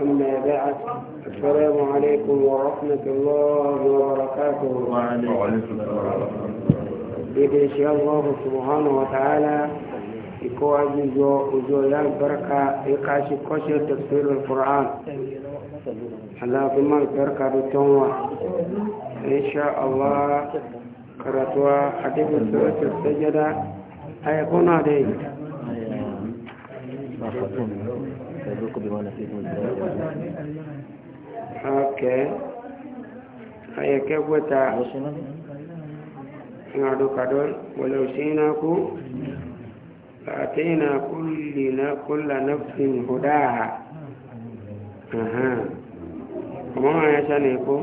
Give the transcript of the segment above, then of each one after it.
ثم بعد السلام عليكم ورحمة الله وبركاته وعليكم السلام الله سبحانه وتعالى يكون عزيزو وزول البركة يقاشي كوشي تفسير القرآن الله ثم البركة بالتوم إن شاء الله قرأتوا حديث سورة السجدة أيقونا دي فذوقوا بما نسيتم Okay. Ayẹ kẹ́gbẹ́ta ìrìnàdókàdọ́ wọlé òṣèlú àtẹ́yìnà kúlà nafsin hudáha. Ọmọ máa yẹn sánà ikú,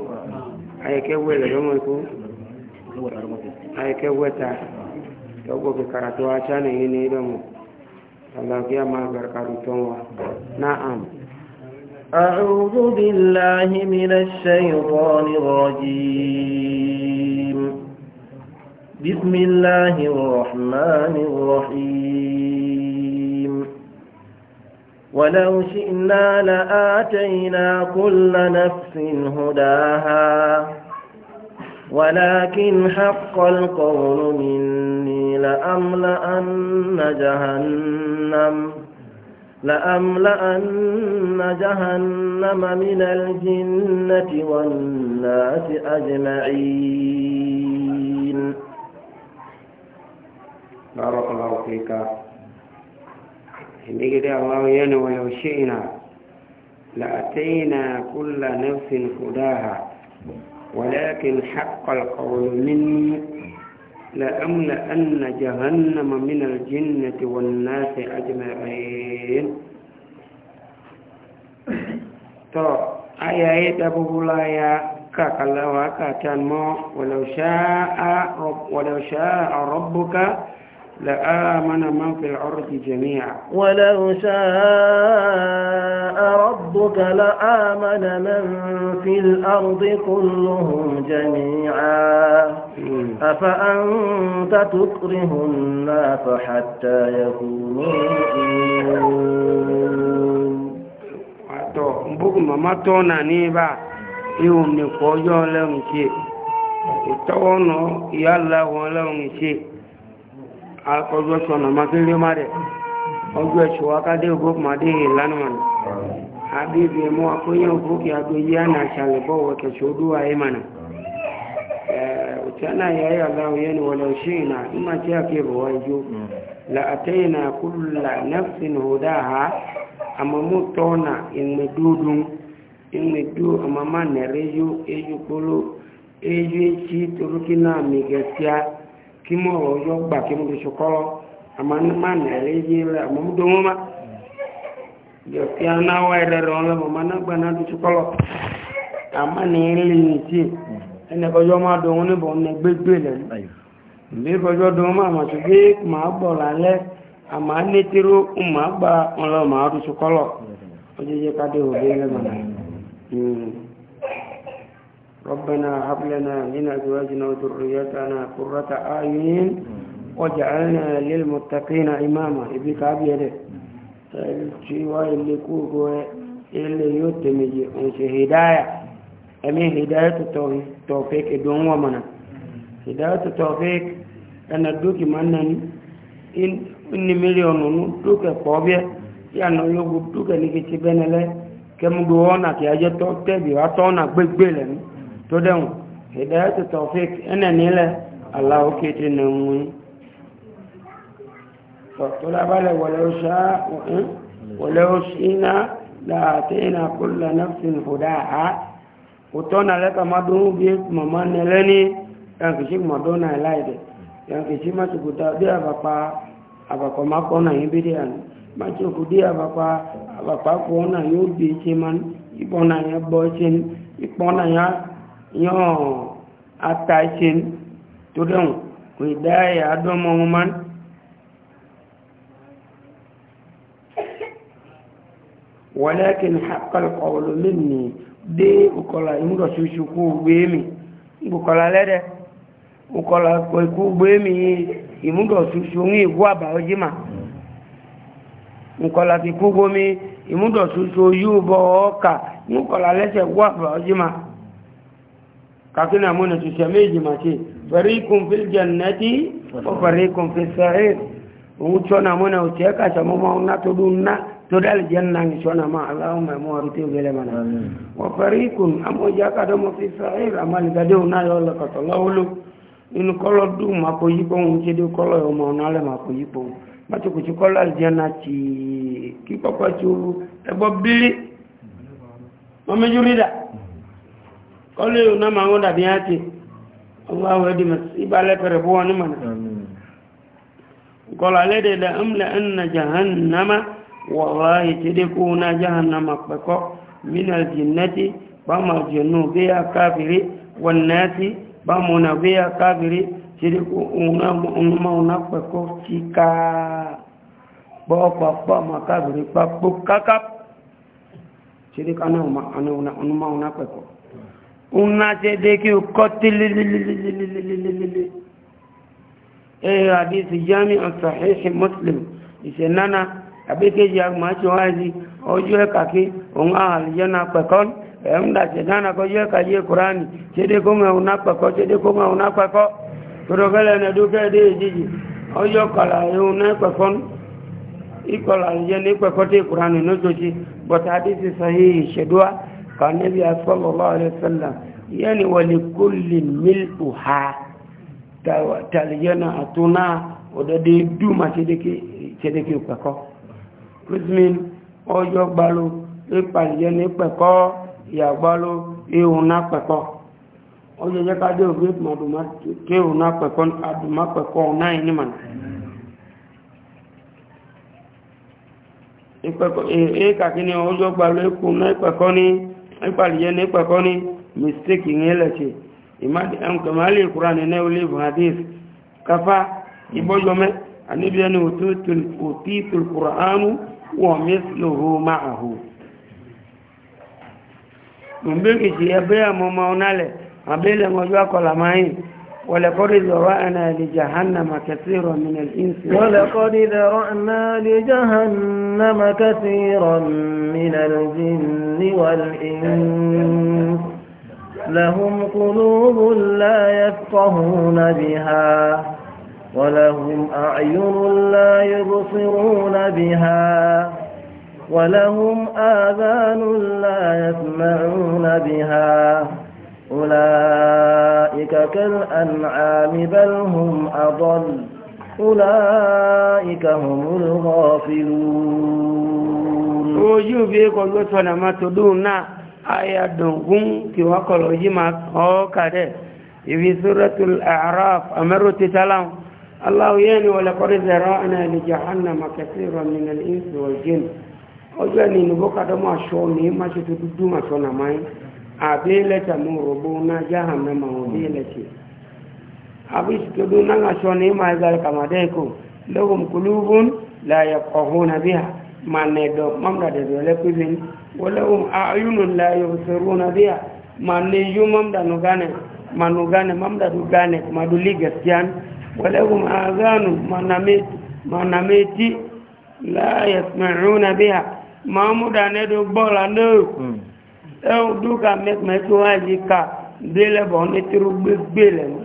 ayẹ kẹ́gbẹ́ lẹ́lọ́mọ ikú, ayẹ kẹ́gbẹ́ta, ọgbọ̀ kìkàrà tó wá sánà yìí ní ìdánwò. Allah ya ma barkaru tonwa na'am أعوذ بالله من الشيطان الرجيم بسم الله الرحمن الرحيم ولو شئنا لآتينا كل نفس هداها ولكن حق القول مني لأملأن جهنم لأملأن جهنم من الجنة والناس أجمعين بارك الله فيك إن إذا الله ينوى لو شئنا لأتينا كل نفس هداها ولكن حق القول مني لأملأن جهنم من الجنة والناس أجمعين تو آية تبولا يا كاكلا وكاتان مو ولو شاء رب ولو شاء ربك لآمن من في الأرض جميعا ولو شاء ربك لآمن من في الأرض كلهم جميعا أفأنت تكره الناس حتى يكونوا mbugu mama tona ni ba iwu ni kojo lewon se itowo no iya ọjọ́ sọ̀nà máa tún lé má rẹ̀ ọjọ́ ẹ̀ṣọ́ akádé ògbókù máa dé ìlànà mọ̀nà àbíbi ẹ̀mọ́ akóyẹ́ ògbókù agbóyé àná àṣàlẹ̀ bọ́wọ́ kẹ̀ṣọ́ olúwa ẹ̀ mọ̀nà òtí àná yà yà láwọn yẹn wọlé ọṣẹ́ ìnà ìmọ̀ tí a kẹ́ bọ̀wọ́ ẹjọ́ làtẹ́yìn náà kúlù là nẹ́fìn hòdà ha àmọ́mú tọ́nà ìmẹ̀dúdún ìmẹ̀dú àmọ́má kí mo rọ̀ yọ gbà kí mo lè ṣokọ́rọ́ àmọ́ ní má nà ẹ̀ léyé rẹ̀ àmọ́ mo dòwó má yọ aman á ni wá ẹ̀rẹ̀ rẹ̀ ọ̀rẹ́ mọ̀ má náà gbà náà lè ṣokọ́rọ́ àmọ́ ní ilé yìí tí ẹnì kọjọ́ má dòwó níbọ̀ ní gbégbé lẹ̀ ní kọjọ́ dòwó má àmọ́ tó gbé màá bọ̀ lálẹ́ àmọ́ nétíró màá gbà ọ̀rọ̀ màá lè ṣokọ́rọ́ ó ربنا هب لنا من أزواجنا وذريتنا قرة أعين واجعلنا للمتقين إماما إبيك أبيده الشيوى اللي كوكو اللي يتمجي أنشي هداية أمي هداية التوفيق دون ومنا هداية التوفيق أنا دوكي منني إني مليون دوكي قوبية يعني يوغو دوكي نكي تبين لك كم دوانا كي أجي توتبي وطونا بيك بيلني tó dẹ̀wọ̀n hidayatu tawfiq ẹnẹ̀ nílẹ̀ aláwọ̀ kéte nà ń wí tó lábàlẹ̀ wọlé oṣù iná láàtẹ́yìnà kúlẹ̀ nafsin hùdá á òtọ́ nà lẹ́ka mọ́dún bí mọ̀mọ́ nílẹ̀ ní yankìsí mọ̀dún náà láìdẹ̀ yankìsí mọ́sùkúta bí àbàpá àbàpá mákọ́nà yín bi díà ní mọ́sùkúdí àbàpá di yon attaching to them with their Adam woman. ولكن حق القول مني دي وكلا يمر شوشكو بيمي وكلا لده وكلا كويكو بيمي يمر شوشوني غوابا وجما وكلا كيكو بيمي يمر شوشو يوبو كا وكلا لسه غوابا وجما kakina muna tushemeji mace farikun fil jannati wa farikun fil sa'ir na muna ucheka chama mauna tudunna tudal janna ngishona ma allahumma muwariti vile mana wa farikun amoja kadamo fil sa'ir amali gadu na yola katallahulu inu kolo du makoyipo mchedu kolo yo maonale makoyipo macho kuchikola aljanna chi kipapa chu ebo bili mamejurida kọlu yóò náà máa ń dàbí àti aláwọ̀ ẹ̀dì ìbálẹ̀ pẹ̀rẹ̀ fún wọn ní mọ̀nà kọlu alẹ́ dẹ̀dẹ̀ ẹ̀mlẹ̀ ẹ̀nà jahannama wọ̀lá ìtẹ́dẹ́kù náà jahannama pẹ̀kọ́ minal jinnati bámu àjẹnú bí a káfìrí wọn náà ti bámu náà bí a káfìrí tẹ́dẹ́kù ọ̀nà pẹ̀kọ́ kíkà bọ́ọ̀pọ̀ pọ́ọ̀mù káfìrí pápó kákáp tẹ́dẹ́kù ọ̀nà pẹ̀kọ́ unnace de ki kotilililililililililili eh hadisi jami as-sahih muslim isenana abekeji agmacho wazi ojo kake on aljana pakon emda sedana ko je ka je qur'ani cede ko ma unapa ko cede ko ma unapa ko torogala na duka de jiji ojo kala yuna e pakon ikola je ni pakote qur'ani no joji but hadisi sahihi shedwa kànẹ́bí asọ́lọ́lọ́ alẹ́sọ́lá yẹ́ni wọlé kó lè mílù ha tàlìyẹ́nà àtúnà ọ̀dọ́dẹ́ dùmà tẹ́dẹ́kẹ́ pẹ̀kọ́ christmas ọjọ́ gbalo ìpàlìyẹ́nà pẹ̀kọ́ ìyàgbalo ìhùnà pẹ̀kọ́ ọjọ́ jẹ́ ká dé òfin ìpàdùmá kéhùnà pẹ̀kọ́ àdùmá pẹ̀kọ́ náà ní màná ìpẹ̀kọ́ èé kàkí ni ọjọ́ gbalo ìkùnà ìpẹ̀kọ́ ní nípàlìyẹ nípa kọ́ ní mistake ní ẹlẹ́tì ìmọ̀lẹ́ ìkúránì ní olive hadith kafa ìbọ́jọmẹ́ àníbi ẹni òtí ìtùkùránù wọ́n mẹ́sìlòhó máa hù mọ̀bí kìí ẹgbẹ́ àmọ́mọ́ ولقد ذرأنا لجهنم كثيرا من الإنس ولقد ذرأنا لجهنم كثيرا من الجن والإنس لهم قلوب لا يفقهون بها ولهم أعين لا يبصرون بها ولهم آذان لا يسمعون بها أولئك كالأنعام بل هم أضل أولئك هم الغافلون ojú bí i kọjú tọ́nà máa tó dùn náà ayàdùnkún kí wọ́n kọlọ̀ yí máa ọ́kàdẹ̀ ibi suratul araf amẹ́rò títàlá aláwọ̀ yẹ́ ni wọlé kọrí zẹ̀rọ ẹ̀nà ìlìjà hannà makasí rọmìnà ìsìwọ̀jìn ọjọ́ ni nìbókàdọ́mọ̀ aṣọ́ ní máṣe tó dúdú màṣọ́ nàmáyé abe leta mu robo na jahannama o be leti abu tudu na ga so ne ma ga kama de ko lahum qulubun la yaqahuna biha manne do mamda de le kuzin walahum a'yunun la yubsiruna biha manne yu mamda no gane manu gane mamda du gane kuma du ligastian walahum azanu manamit manamiti la yasma'una biha mamuda ne do bola no ẹ̀ẹ́dù ka mẹ́kùnmẹ́kù wáyé ká délẹ̀bọ̀ nítorú gbégbé lẹ́nu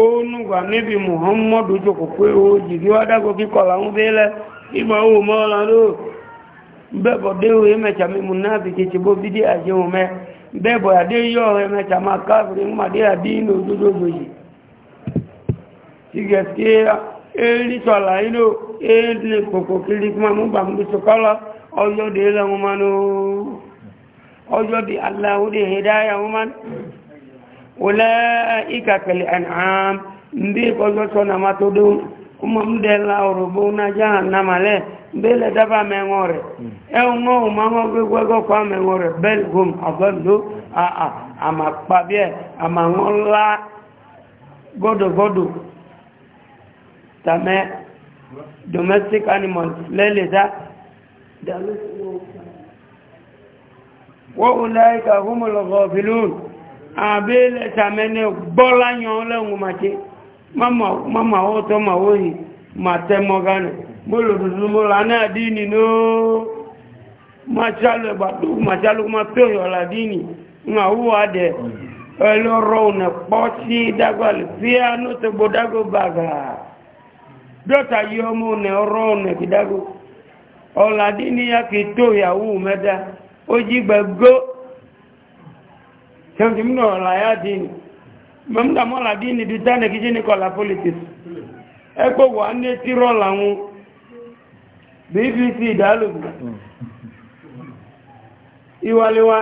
ó nùgbà níbi muhammadu jòkó pé ó jìgí wá dágò kíkọ̀ làwọn bẹ́lẹ̀ ìmọ̀ òun mọ́ ọ́la ló bẹ́ẹ̀bọ̀ déwò ẹ̀mẹ̀tsà mi mú náà fi kìtì bó bídí ọjọ́ bí aláhúdé hidaya woman wọlé ìkàkẹ̀lẹ̀ ànáàm ndí ọjọ́ sọ́nà má tó dé ọmọ mdé ńlá òrùbó nájá ànámàlẹ̀ bẹ́lẹ̀ dábà mẹ́wọ́n rẹ̀ ẹ̀wọ̀n gọ́dọ̀gọ́dọ̀ tàmẹ́ domestic animals lẹ́lẹ̀ dá وأولئك هم الغافلون أبيل سامن بولا نيولا وماتي ماما ماما هو توما هوي ما تموغان بولو دوزمولا أنا ديني نو ما شالو باتو ما شالو ما بيو ولا ديني ما هو هذا ẹlọ́rọ̀ọ̀nà pọ́tí dágbàlì fíánú tó gbódágó bàgà dọ́ta yí ọmọ ọ̀nà ọ̀rọ̀ ọ̀nà ìdágó ọ̀làdí níyà kìí tó ìyàwó mẹ́ta ojigbego tẹ́mtí mú náà láyá dínì mẹ́mdà mọ́lá dínì bí tánà kí jí ní kọlá politics ẹgbẹ́ wà ní tí rọ́lá wọn bbc ìdálòbù ìwàlẹ́wà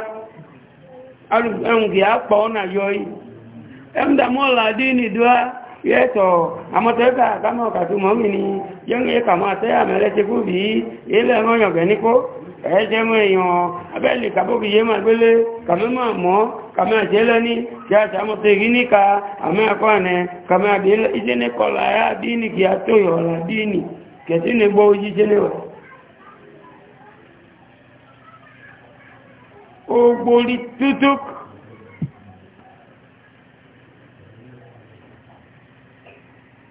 alùpùpù kì á pọ̀ ọ́nà yọ yìí mẹ́mdà mọ́lá dínì dúá yẹ́tọ̀ àmọ́tẹ́kà kánà kàtúmọ́ mi ni yẹ́ngẹ́ kàmọ́ àtẹ́yàmẹ́lẹ́ ti kú bí ilẹ̀ ẹ̀rọ yọ̀gẹ̀ ní kó ẹ̀ẹ́jẹ́ mọ́ èèyàn abẹ́lì kàbókì yé máa gbélé kàbí máa mọ́ kàmẹ́ àjẹ́lẹ́ ní kí a sàmọ́tẹ̀ rí níka àmẹ́ àkọ́ọ̀nẹ a tó yọ̀ọ̀lá dínì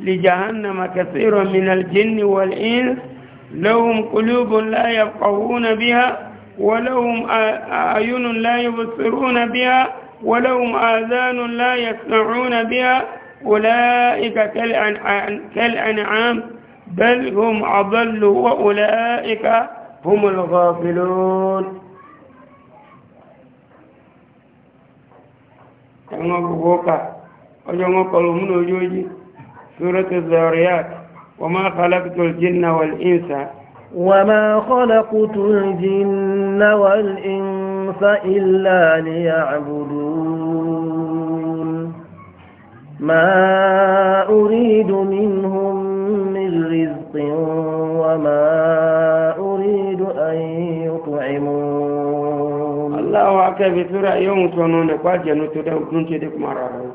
لجهنم كثير من الجن والإنس لهم قلوب لا يفقهون بها ولهم أعين لا يبصرون بها ولهم آذان لا يسمعون بها أولئك كالأنعام بل هم أضل وأولئك هم الغافلون ẹ̀wọ̀n gbogbo ọkà ọjọ́ wọn kọlu múnà ojóòjì sórẹ́tò zọrìyàt wọ́n máa kọ́lákùtò jìnnà wọ̀l ìnsà. wọ́n máa kọ́lákùtò jìnnà wọ̀l ìnsà ìlà ní àbùdù ما أريد منهم من رزق وما أريد الله أكبر بسورة يوم سنون دقال جنو تدعو كنتي دي كمارارو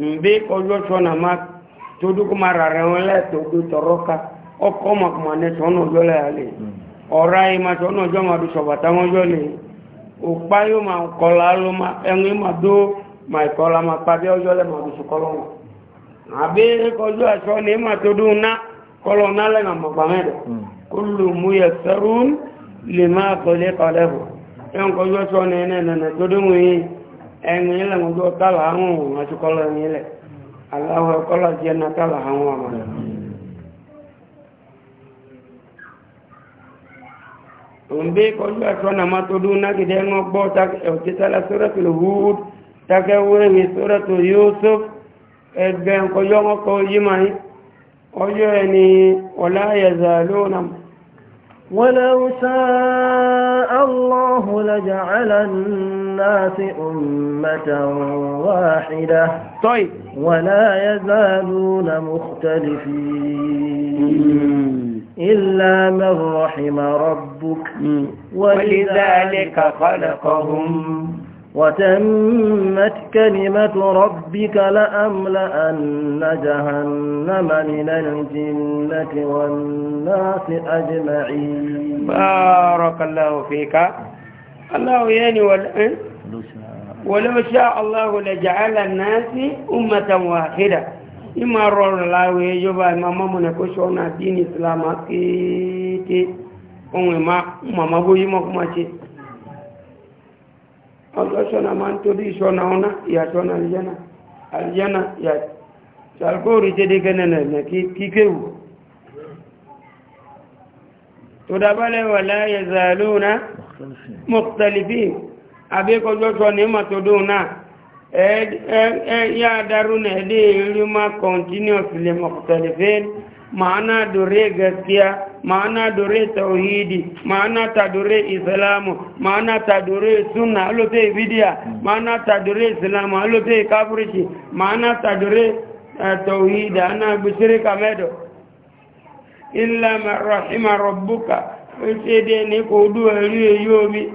مبي كوجو شونا ما تدعو كمارارو لا تدعو تروكا أو كوما كمانة سنو جولي علي أوراي ما سنو جوما دو شبطة مو جولي أقبايو ما أقلالو ما أنغي ما دو ما أقلال ما أقبايو جولي ما دو شكولو نبي كوجو شونا ما تدعو نا كولونا لنا مقامير كل ميسرون لما خلق له ẹn kọ yọ sọ ní ẹnẹ̀nẹ̀ tó dé wọ́n yìí ẹ̀yìn ilẹ̀ mọ́jọ́ tààlà àwọn òun àti kọlọ̀ ẹ̀yìn ilẹ̀ aláwọ̀ kọlọ̀ jẹ́ na tààlà àwọn ọmọ òǹbí kọjú ẹ̀sọ́ nà má tó dún nágidẹ́ ẹ̀ngọ́ òtítàlá sórẹ́tù ولو شاء الله لجعل الناس أمة واحدة طيب ولا يزالون مختلفين إلا من رحم ربك ولذلك خلقهم وتمت كلمة ربك لأملأن جهنم من الجنة والناس أجمعين بارك الله فيك الله يعني والآن ولو شاء الله لجعل الناس أمة واحدة إما رول الله يجب أن ممنا كشونا دين إسلام أكيد أمما أمما بوي مكماشي ọjọ́ sọ́nà máa ń torí ìṣọ́nà ọ̀nà ìyàtọ́nà àlìyànà àlìyànà ṣàlùkóòrì jẹ́dẹ́gẹ́nẹ̀nẹ̀ kíkéwù tó dábálẹ̀ wà láyé zàlóòna mọ̀tàlìfì àbíkọjọ́ sọ ní màtòdóòna ẹ̀yà darúnà ẹ̀dẹ́ ìrírí má kọ̀ntínúọ̀sì lè mọ̀tàlìfì máa náà dòrí gẹ̀ẹ́síà maana dore tauhidi maana tadore islamu maana tadore sunna alote bidia maana tadore islamu alote kafirishi maana tadore uh, eh, tauhidi ana bushirika medo illa marahima rabbuka usede ni ko duwa riye yomi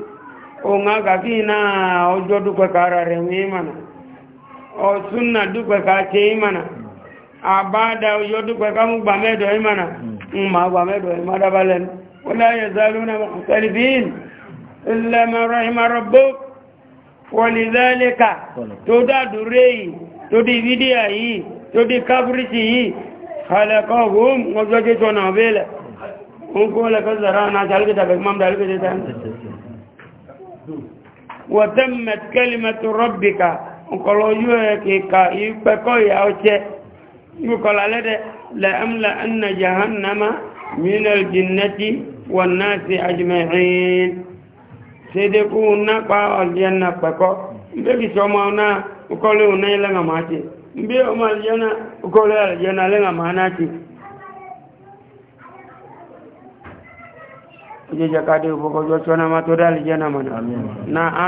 o nga ka kina ojo dupe kara re mimana o sunna dupe ka che imana abada ojo dupe ka mu medo imana mm. ما بعمل ما دبلن ولا يزالون مختلفين إلا من رحم ربك ولذلك تودا دري تودي فيدياي تودي كابريتي خلقهم وزوجتنا بلا ونقول لك زرانا ذلك تبك مام ذلك تتان وتمت كلمة ربك ونقول يوكي كا يبقى يا أوشي nukọla lẹ́dẹ̀ la'amla anna jahannama minal jinnati wọn náà sí ajimẹ̀rin sai dai kú na pa aljanna pẹ̀kọ́ mbẹ́bi sọmọ náà ukọlẹ̀ ọ̀nà ilẹ̀ màmá ti mbẹ́ ọmọ aljanna ukọlẹ̀ aljanna lẹ́ màmá náà ti ojú jẹ́ káàdé ìfọkọjọ́ sọ́nà má tó dá aljanna mọ̀ náà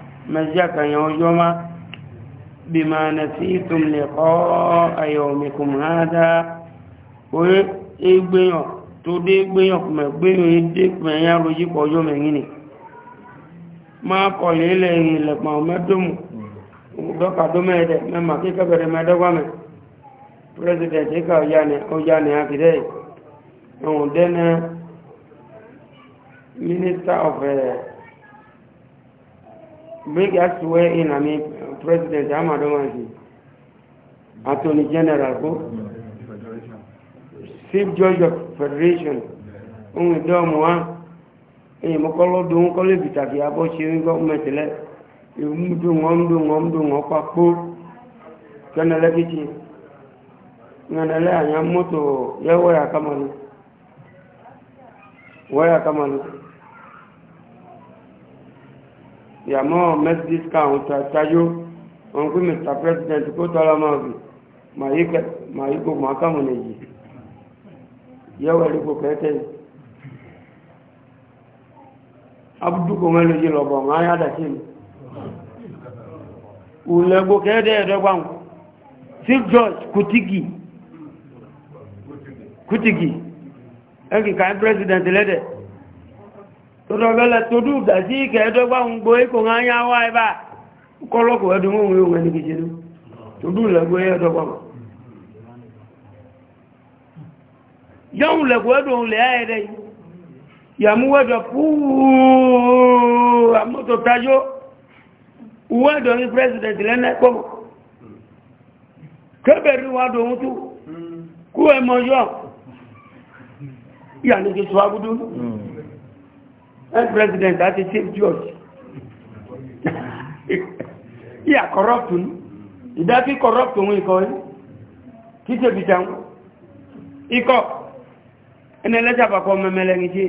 مزيك يوم بما نسيتم لقاء يومكم هذا ويقبيو تودي قبيو كما قبيو يديك ما يروجي قوجو مهيني ما قول إليه لك ما أمدهم دوكا دوميدي مما كي كبير مدوامي president ika ojane ojane akide and then uh, minister of uh, make us swear in mean, president amadomansi attorney general kó chief judge of federation ohun ìdọ́ọ̀mù wa èyí mo kọ́ lọ́dún ń kọ́ lè bìtàkì abọ́ ṣe ń gọ́ọ̀mẹ̀tì lẹ́ ìmúdùn wọn ń dùn wọn ń dùn wọn pa kó kẹ́nẹ́lẹ́ kìtì kẹ́nẹ́lẹ́ àyàn mọ́tò yẹ́wọ́ yà kàmọ́lù wọ́yà kàmọ́lù yàmọ́ mẹ́sìdìs káwọn tàyó wọn kú mr president kó tọ́lá máa bì máa yí gbogbo akáwọn èyí yẹ́wọ̀ ẹ̀rígbò kẹ́kẹ́ abúdúkò mẹ́lú yìí lọ́bọ̀ máa yá dàtí mi ùlẹ́gbò kẹ́kẹ́ ẹ̀dọ́gbà six george kutigi kutigi ẹ̀kì kan president lẹ́dẹ̀ẹ́ tọ́tọ̀gẹ́lẹ̀ tó dùn dàjí kẹ́ẹ̀dọ́gbà ń gbọ́ ikò ányá wá ẹbá kọ́lọ́kù ẹdùn ohun yóò wẹ́n ní kìí jẹ́nu tó dùn lẹ́gbọ́ ẹ̀ẹ́dọ́gbà mọ̀ yọ́hùn lẹ́gbọ́ ẹdùn ohun lẹ́ ẹ̀ẹ́dẹ́ yàmúwẹ́dọ̀ fúúúú àmọ́tò tajó uwẹ́dọ̀ ní president lẹ́nà ẹ̀kọ́ mọ̀ kébẹ̀rí wa dùn ohun tó kú ẹ̀mọ́ yọ yà ní kìí sọ head president that is chief judge ìyà corrupt ní ìdákí corrupt òun ikọ̀ He kí ṣe bìtà ń ikọ̀ ẹni ẹlẹ́jà pàpọ̀ mẹ́mẹ́lẹ́ ní ṣe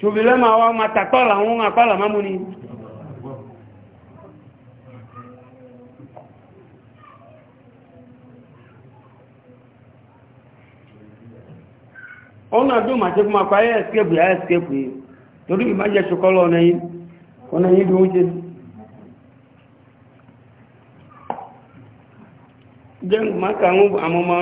ṣùgbìlẹ́ máa wá ma tàkọ́ làwọn apá làmámú ni. ọ̀nà na màá ma máa pàáyé ẹ̀skẹ́pù yá ẹ̀skẹ́pù yìí torí ìmájẹ̀ ṣokọ́lọ̀ ọ̀nà yìí ọ̀nà yìí dùn ó jẹ́ jẹ́ maka ń àmọ́mọ́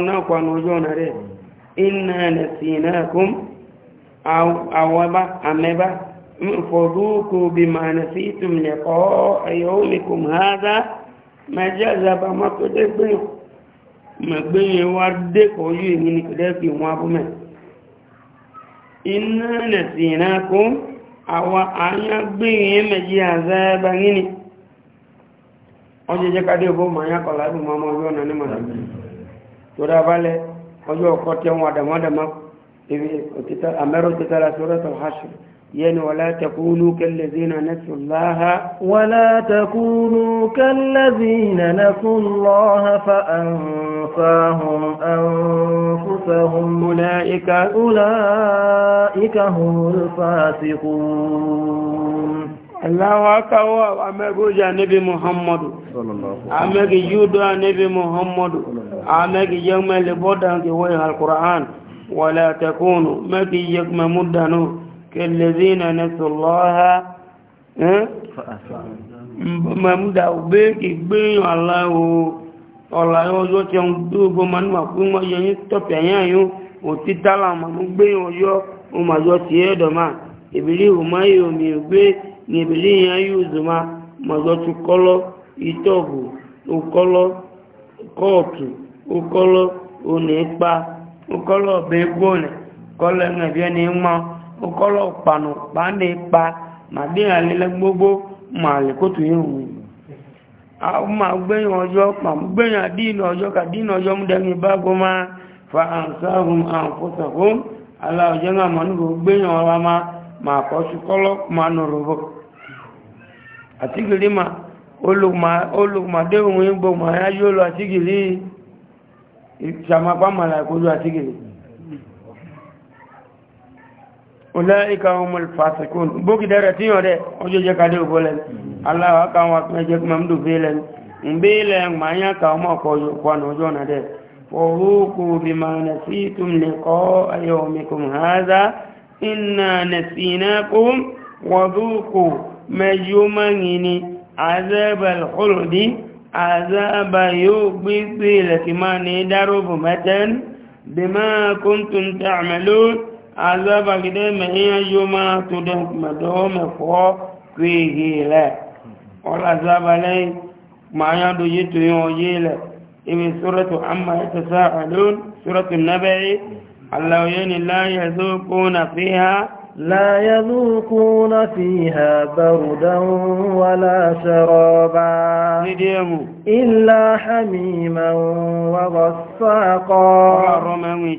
náà mẹ́jẹ́ dé wá dé wọn abúmẹ́ iná nàtì ìnákó àwọ àyà gbé yẹn mẹ́jì àzáyábá nínú ọjọ́ jẹ́kadé ọgbọ́ ma yá kọ̀lá bí mọ́mọ́ ọjọ́ ọ̀nà ní mọ̀lá tó dá balẹ̀ ọjọ́ ọkọ̀ tẹ́wọ̀n àdàmọ́dàmọ́ ibi amẹ́rọ̀ يعني ولا تكونوا كالذين نسوا الله ولا تكونوا كالذين نسوا الله فأنفاهم أنفسهم أولئك أولئك هم الفاسقون الله أكبر أما أمك نبي محمد أما يودا نبي محمد أما أمك يوم لبودان كوي القرآن ولا تكونوا مكي يكما مدانو كالذين نسوا الله mamuda ubeki gbin ala o ọ̀la ọjọ́ tí ó ń dúró manú àpín wọ́n yẹ ní tọ́pì àyàn yóò ò ti tálà màmú gbé ọjọ́ o mà yọ ti ẹ̀dọ̀ máa ìbílí ìhùmá yóò mi ò gbé ní ìbílí ìyàn yóò zò máa mà yọ ti okọ́lọ̀ panu pàndé pa màdínà lílẹ̀ gbogbo màálì kótó ìhùn ma gbẹ̀yìn ọjọ́ ma gbẹ̀yìn àdínà ọjọ́ ka dínà ọjọ́ mú dẹ́mi bá gbọ́ máa fa àǹsáhùn àǹfọ́sàhùn aláwọ̀jẹ́ náà ma nùrò gbẹ̀yìn ọwá ma ma kọ́sù kọ́lọ́ ma nùrò bọ̀ àtìgìlì ma olùmọ̀déhùn ìgbò ma yájú olù àtìgìlì ìsàmàpá màlà ìkójú àtìgìlì ulaika humul fasikun boki dara tiyo de ojo je kade o bolen allah ka wa me je kuma mdu belen mbele manya ka mo ko yo kwa no jo na de fuhuku bima nasitum liqa'a yawmikum hadha inna nasinakum wa azabagide mẹ̀yìn ayọ́mọ́ tó dẹ̀ mẹ̀dọ́wọ́ mẹ̀kọ́ kéèké lẹ̀ ọlọ́zabalẹ̀ màáyá dojú tó yẹn ọyé lẹ̀ ibi sọ́rọ̀tù àmà ìtẹ̀sà àdún sọ́rọ̀tù nàbẹ̀ẹ́ aláwọ̀yẹ́ ni láyé zó kó na fi ha لا يذوقون فيها بردا ولا شرابا إلا حميما وغساقا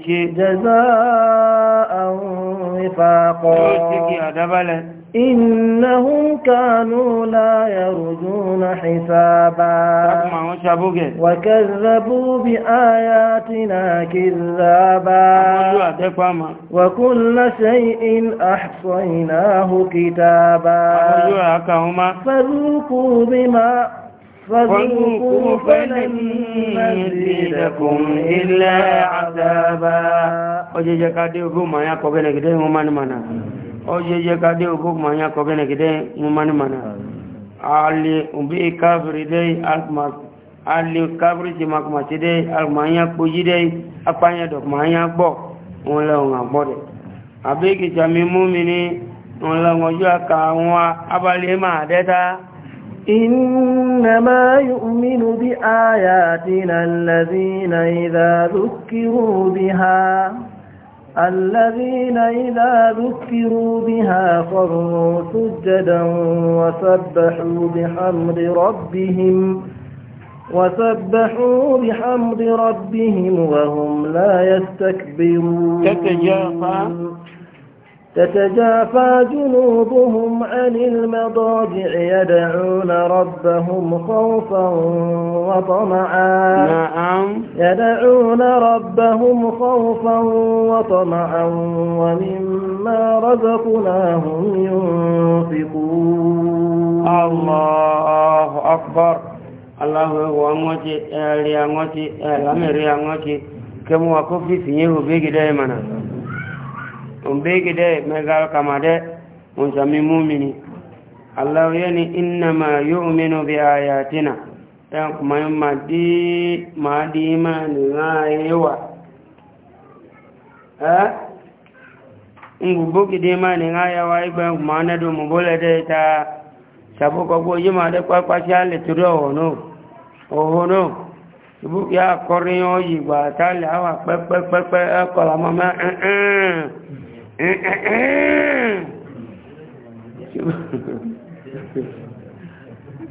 جزاء وفاقا إنهم كانوا لا يرجون حسابا وكذبوا بآياتنا كذابا وكل شيء أحصيناه كتابا فذوقوا بما فذوقوا فلن نزيدكم إلا عذابا ojeje ka de ogun ma ya ko bene gide mu mani mana ojeje ka de ogun ma ya ko bene gide ali umbi kafiri de ali kafiri ti mak ma ti de almanya ko yi de apanya dok ma ya gbo won le won agbo de abeki jami mumini won la won yo aka won abali ma deta إنما يؤمن بآياتنا الذين إذا ذكروا بها الذين إذا ذكروا بها فروا سجدا وسبحوا بحمد ربهم وسبحوا بحمد ربهم وهم لا يستكبرون تتجافى تتجافى جنوبهم عن المضاجع يدعون ربهم خوفا وطمعا نعم يدعون ربهم خوفا وطمعا ومما رزقناهم ينفقون الله أكبر الله هو أموتي أهلي موتي أهل يا موتي كم وكفي فيه وفيك دائما umbeki de megal kama de unjami mumini allah yani innama yu'minu bi ayatina dan kuma yin madi madi mani ngayewa eh ngubuki de mani ngayewa igba kuma na do mubole de ta sabu ko go yima de kwa kwa shale turo no oho no ibuki akọrin oyi gba tale awa pepepepe ekola mama eh eh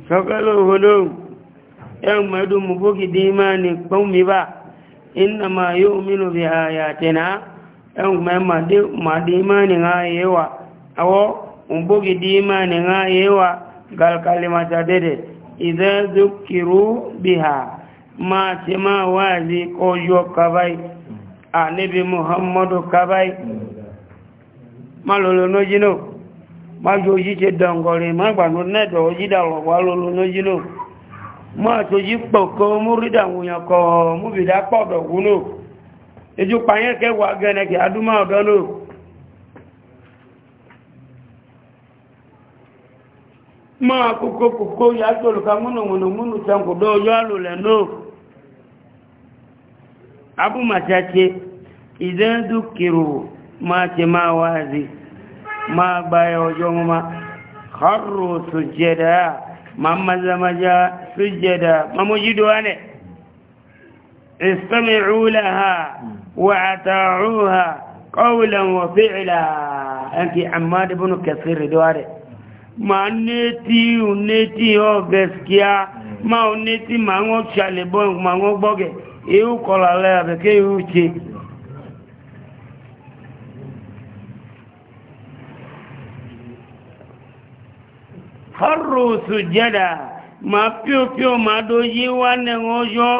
sọ́kọ́lọ́ òhòdó ẹ̀rùn mẹ́dún mú bókì dí máa ní pọ́nmi bá iná máa yóò mínú bí àyàtẹ̀ná ẹ̀rùn mẹ́dún máa ní ráyẹ̀wà àwọ́ mú bókì dí máa ní ráyẹ̀wà galkalimata dédé ìdẹ́ zókìrú bí ha máa ti máa wáyé kọjọ kabai a níbi muhammadu kabai ma lolo nójí náà má ju ojí ṣe dọ̀ǹgọ̀rì má gbànú nẹ́ẹ̀dọ̀ ojí dàlọ̀ wá lolo nójí náà má àtòjí kọọ mụrụ mú rídà wùyàn kọ̀ mú bìdá pọ̀ dọ̀gún náà ejú pààyàn kẹwàá gẹ́nẹ̀kẹ́ adúmá ọ̀dọ́ ya máa ti máa wáàzí máa gbáyẹ ọjọ́ mọ́má kọrù sùjẹ́dà máa mazamaja sùjẹ́dà mamójídó wá nẹ̀ ìsọ́mìrú láha wà àtàrú ha kọ́wùlan wà fíìlà ẹnkì àmàdìbùnù kẹsìrì dọ́rẹ̀ máa nétí nétí ọ gẹ̀ẹ́sìkíá máa nétí máa ń gbọ́ ṣàlẹ̀bọ́n máa ń gbọ́gẹ̀ ìhù kọlọ̀lẹ́ àbẹ̀kẹ́ ìhù kharru sujada ma pio pio ma do yiwa ne ngojo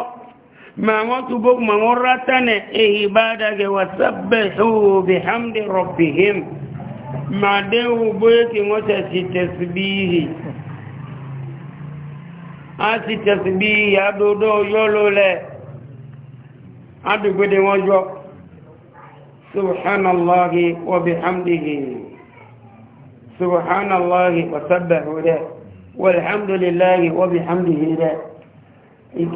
ma ngotu bok ma ngoratane e ibada ge wasabbihu bihamdi rabbihim ma de uboye ki ngota si tasbihi a si tasbihi adodo yolole adugbede ngojo subhanallahi wa bihamdihi سبحان الله وسبح له والحمد لله وبحمده ده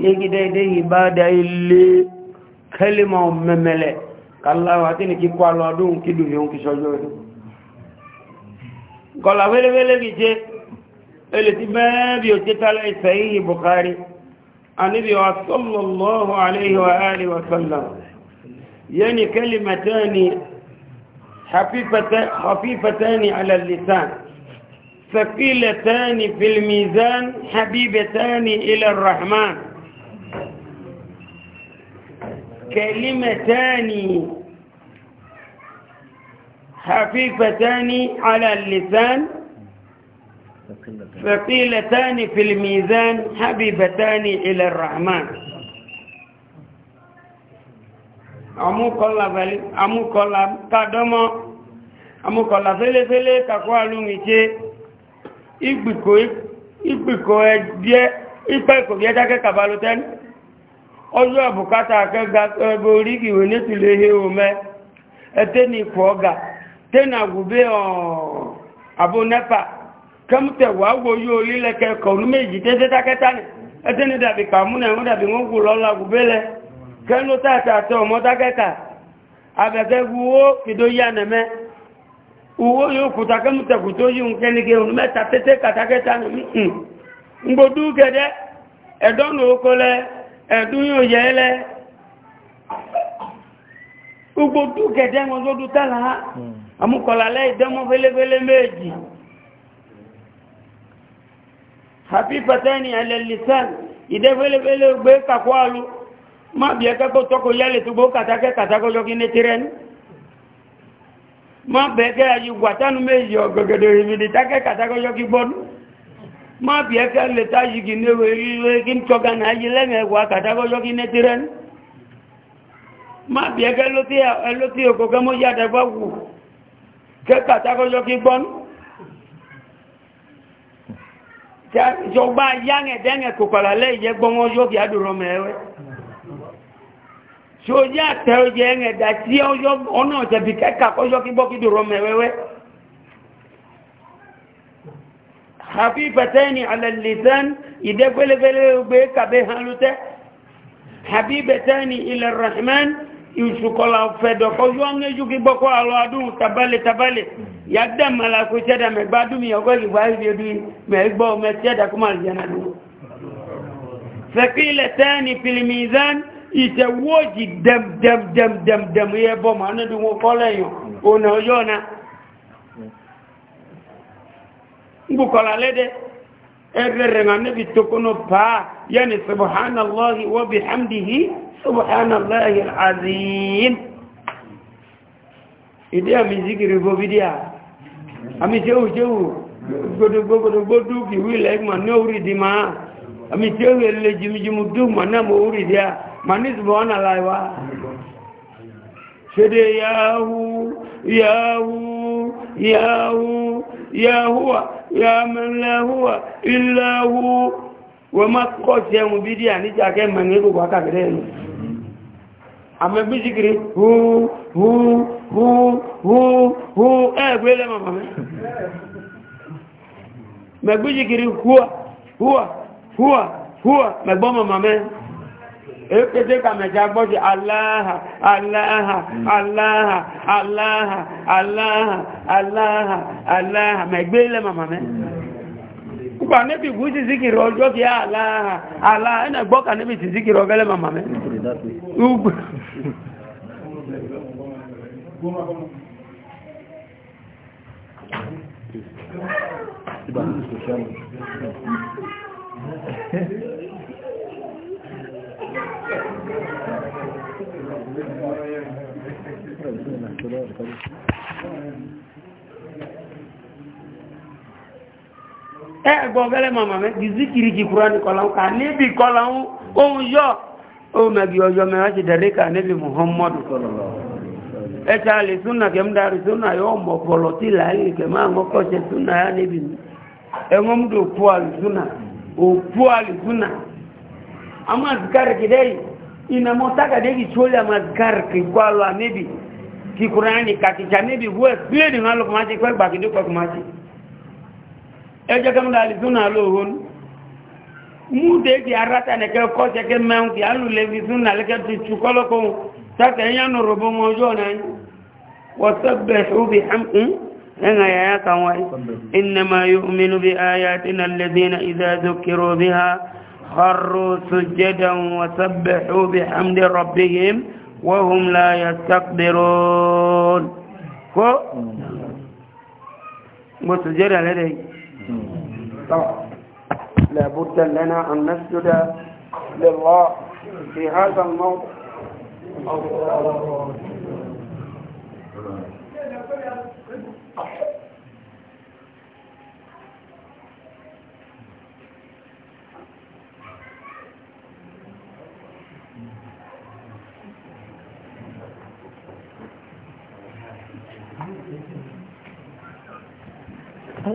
إيجي ده بعد اللي كلمة مملة kàlá wa tí ni kí kó alọ́ ọdún kí dùn yóò kí sọjọ́ ìlú gọ́lá wẹ́lẹ́wẹ́lẹ́ kì jẹ́ ẹlẹ́ ti mẹ́bí òjé tálẹ́ ìfẹ́ yìí wa sọ́lọ̀lọ́hùn aléhìwá àríwá sọ́lọ̀ yẹ́ni kẹ́lì mẹ́tẹ́ ni خفيفتان على اللسان ثقيلتان في الميزان حبيبتان إلى الرحمن كلمتان خفيفتان على اللسان ثقيلتان في الميزان حبيبتان إلى الرحمن amúkọlà fẹ́lẹ́ amúkọlà tàdọ́mọ́ amúkọlà fẹ́lẹ́fẹ́lẹ́ kàkọ́ alúmìṣẹ́ ìgbìkò ẹgbẹ́ ìpẹ́kò bí ẹjákẹ́ kàbálótẹ́ni ọjọ́ àbùkátà ihe ome ẹtẹ́ni ìkọ̀ ọgà tẹ́nà àgùbẹ́ àbò nepa kẹ́mùtẹ̀ wà wò yóò lílẹ̀kẹ́ kọ̀ọ̀nù méjì tẹ́tẹ́tákẹ́tá ni ẹtẹ́ni dàbí kàmúnà ẹ̀wọ́n kẹ́lú tààtà àti ọmọ dákẹ́kà abẹ̀kẹ́ wúwó kìdó yá nẹ̀mẹ́ uwó yóò kùtà kẹ́mùtẹ̀kù tó yíò kẹ́nìkẹ́ òun mẹ́ta tẹ́tẹ́ kàtàkẹ́ta ngbodú gẹ́dẹ́ ẹ̀dọ́nù oko ẹ̀dún yóò yẹ lẹ ugbodú gẹ́dẹ́ wọn lódú tẹ́lá ìdẹ́mọ́ fẹ́lẹ́fẹ́lẹ́ méjì happy ìdẹ́fẹ́lẹ́fẹ́lẹ́ gbé ma bi ẹka kó tọ́kọ yálẹ̀ tó gbó kàtàkẹ́ kàtàkọ́jọ́ kí ní tirẹ̀ ní ma bẹ̀ẹ́kẹ́ ayé wàtánù méjì ọ̀gọ̀gọ̀dọ̀ ìrìnlẹ̀ tákẹ́ kàtàkọ́jọ́ kí gbọ́dú ma bi ẹka lè táyì kì ní ewé kí ń tọ́ga náà yí lẹ́mẹ̀ẹ́wà kàtàkọ́jọ́ kí ní tirẹ̀ ní ma bi ẹka lótí òkò kẹ́mọ́ yàtàkọ́ wù kẹ́ kàtàkọ́jọ́ kí gbọ́dú jọba yáǹẹ̀dẹ́ǹẹ̀ kòkàlà lẹ́yìn jẹ́ gbọ́mọ́ yóò tí ó yá tẹ ó jẹ ẹ̀rìn ẹ̀dà tí ọjọ́ ọ̀nà ọ̀jẹ̀bì kẹ́kà kọ́jọ́ kí bọ́ kí dòrò mẹ́wẹ́wẹ́ àfi ìfẹ̀tẹ́ ni alẹ́lẹ́sẹ́n ìdẹ́gbẹ́lẹ́gbẹ́lẹ́ gbé kàbé hàn lútẹ́ àbí ìfẹ̀tẹ́ ni ilẹ̀ rahman ìṣùkọlà fẹ̀dọ̀ kọjú ọ́nẹ́jú kí gbọ́kọ́ àlọ́ adùn tabalẹ̀ tabalẹ̀ yàgbẹ́ màlàkù ṣẹ́dà mẹ́gbàdùn mi ọgọ́ ìgbà ìdíodú mẹ́gbọ́ mẹ́ṣẹ́dà kọ́mà lè jẹ́ nàdùn fẹ̀kí ilẹ̀ tẹ́ ni filimizan ìtẹ̀wọ́jì dẹ̀mdẹ̀mdẹ̀mdẹ̀m yẹ bọ ma ní ìdúnwó kọ́lẹ̀yàn ònà ọjọ́ na gbùkọ̀lá lédè ẹgbẹ̀rẹ̀ ma níbi tókónó pàá yẹni subhanallah wa bihamdihi subhanallahi alazim ìdí àmì zikiri gobidia àmì tẹ́wù tẹ́wù gbogbogbogbogbogbogbò kìwí lẹ́gbọ̀n ní orí di máa àmì tẹ́wù ẹlẹ́jìmìjìmù ma a Manis bọ́ọ̀nà láìwá ṣede yahu yahu yahu yahuwa ya mẹ́lẹ́huwa ilẹ̀hu wọ́n má kọ́ sí ẹ̀hùn bí díà níjà kẹ́ mẹ́rin gbogbo akàkẹ́rẹ́ ẹ̀nu àmẹ́gbí síkiri hú hú hú hú hú ẹ̀gbẹ́ e, lẹ́mọ̀ mọ̀mẹ́ mẹ́gbí síkiri húwa húwa húwa húwa mẹ́gbọ́mọ̀ mọ̀mẹ́ ekete kàmẹ̀já gbọ́jì aláhà aláhà aláhà aláhà aláhà aláhà aláhà mẹ̀gbé ilẹ̀ màmà mẹ́ gbà níbi gúú ti síkìrì ọjọ́ kí aláhà aláhà ẹ̀nà gbọ́kà níbi ti ẹgbọ́n gẹ́lẹ́ mọ̀mọ̀ mẹ́ gizikiri kìkúrọ́ ní kọlọ́un ká níbi kọlọ́un ohun yọ ohun mẹ́bí ọjọ́ mẹ́wàá ti dẹ̀lé ká níbi muhammadu ẹta lè súnà kẹmdàrí súnà yóò mọ̀ pọ̀lọ̀ tí láàrín kẹ máa ń kọ́kọ́ ṣe súnà yá níbi ẹ̀wọ́n mú tó òpó àlùsúnà òpó àlùsúnà àmọ́ àtìkárẹ̀ kìdẹ́yìí inamotaka deki chola magarki kwa la nebi kikurani kakicha nebi huwe pili ngalo kumachi kwa baki ndiko kumachi eje kama dali tuna lo hon mu deki arata ne ke ke men ki alu le vi tuna le ke tu chukolo ko sasa yanu robo mojo na wasabbihu bihamdi أنا يا كواي إنما يؤمن بآياتنا الذين إذا ذكروا بها خروا سجدا وسبحوا بحمد ربهم وهم لا يستكبرون كو وسجد لدي طبعا لابد لنا أن نسجد لله في هذا الموضع الله So,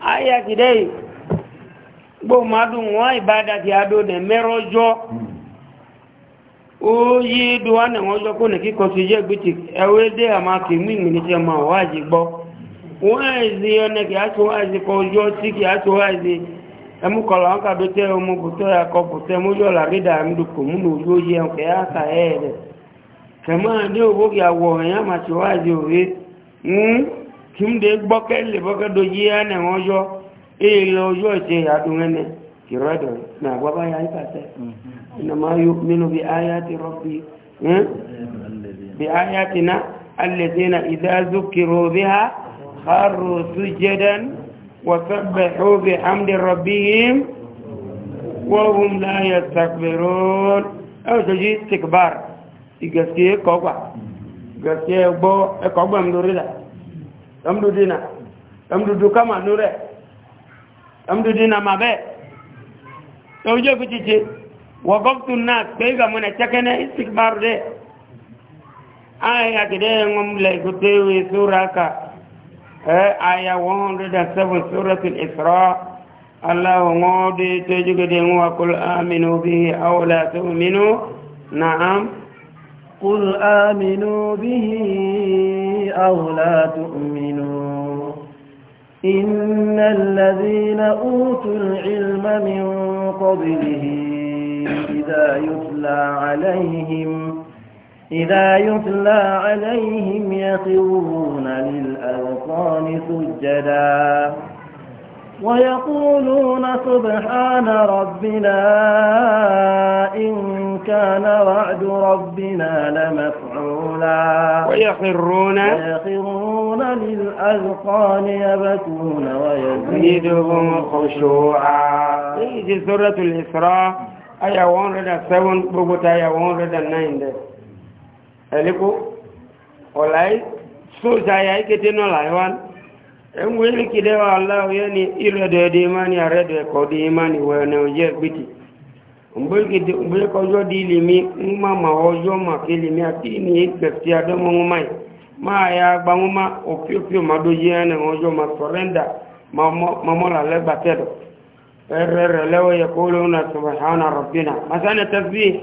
aya today, gbogbo mmadụ nwa ibada dị adọ na mmerọ jọọ ó yí duwa nà wọ́n sọ kó nìkí kọsí jẹ́ gbìtì ẹwé dé àmà kì mí ìmìnì tí ọmọ àwọn àjì gbọ́ wọ́n àìsí ọ̀nà kì á tó àìsí kọ ojú ọtí kì á tó àìsí ẹmú kọlọ̀ ọ̀nkà bí tẹ́ ọmọ bùtọ́ akọ bùtẹ́ mú yọ̀ làrídà àmìdùkọ̀ mú nà ojú oyé ẹ̀kẹ́ àkà ẹ̀ rẹ̀ kẹmọ́ àdé owó kì àwọ̀ ẹ̀yàn àmà tí wọ́n àìsí òwe ń kí ń dé gbọ́kẹ́ إنما يؤمن بآيات ربي بآياتنا الذين إذا ذكروا بها خروا سجدا وسبحوا بحمد ربهم وهم لا يستكبرون أو تجي استكبار يقسكي كوبا يقسكي بو كوبا مدوري لا أمدو دينا أمدو دوكما نوري أمدو دينا ما بي أو جاكو wo gobtu naas ɓey ga mune cakene istikbar de ayake de ngomlay ko tewi suraka aya 107 suratul isra allah ngoodi to jogo de ngowa qul aminu bihi aw la tuminu naam qul aminu bihi aw la tuminu inna alladhina utu lilma min qablihi إذا يتلى عليهم إذا يتلى عليهم يخرون للأذقان سجدا ويقولون سبحان ربنا إن كان وعد ربنا لمفعولا ويخرون ويخرون للأذقان يبكون ويزيدهم خشوعا هذه سورة الإسراء aya 107 gbogbo ta aya 109 dẹ̀ ẹ̀lẹ́kọ́ ọ̀láì sóòjà ya ikété náà láìwá ẹ̀wọ̀n ilẹ̀kìdẹ́ wa aláwọ̀ yẹ́ ni ìrẹ̀dọ̀ ẹ̀dẹ̀ imani àrẹ́dọ̀ ẹ̀kọ́ di imani wẹ̀ ọ̀nà òjẹ́ gbìtì mgbẹ́kọjọ́ di ilimi ń má ma ọjọ́ ma kí ilimi àti ní ìgbẹ̀fẹ́ adọ́mọ́ngúmáì máa ya agbáwọ́má òfíòfíò má dójú ẹ̀nà ọjọ́ ma sọ̀rẹ́ndà ma mọ́lá lẹ́gbàtẹ́dọ̀ الرر لو يقولون سبحان ربنا مثلا تسبيح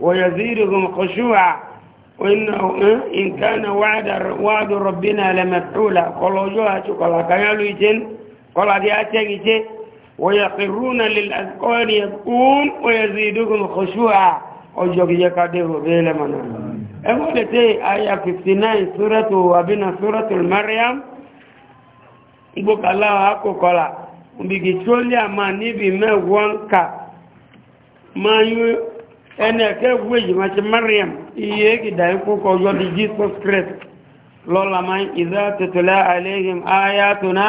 ويزيدهم خشوعا وإنه إن كان وعد وعد ربنا لمفعولا قالوا جوها شكرا كيالو يجن قالوا دي أتاك ويقرون للأذقان يبكون ويزيدهم خشوعا أجوك يكاده بيلمنا أقول تي آية 59 سورة وابنا سورة المريم يقول الله أكو قال bigitrolia ma níbi mẹ́wọ́n ka máa yú ẹni ẹ̀kẹ́ wéjì máa ṣe mariam iye ìdá ikú kọjọ́ di jesus christ lọ́la máa ìdá tuntun aléhìm ayatuna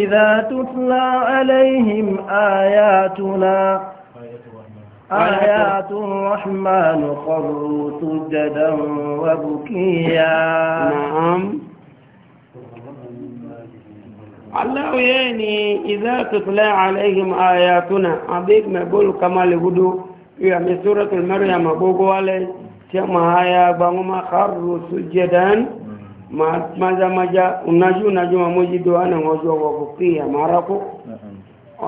ìdá tuntun aléhìm ayatuna آيات الرحمن قروا سجدا وبكيا نعم aláwọ̀ yẹ́ ni ìzátùtùlẹ̀ aláìhìm ayatuna abik mẹ́bọ́lù kamali hudu yíya mi sóràtùl mẹ́rìyà ma gbogbo alẹ́ tí a ma haya gbanwọ́ ma kárù sujjadan mazamaja unájú unájú ma mọ́ yí dọ́wọ́ náà wọ́n jọ wọ́ kí a ma rákó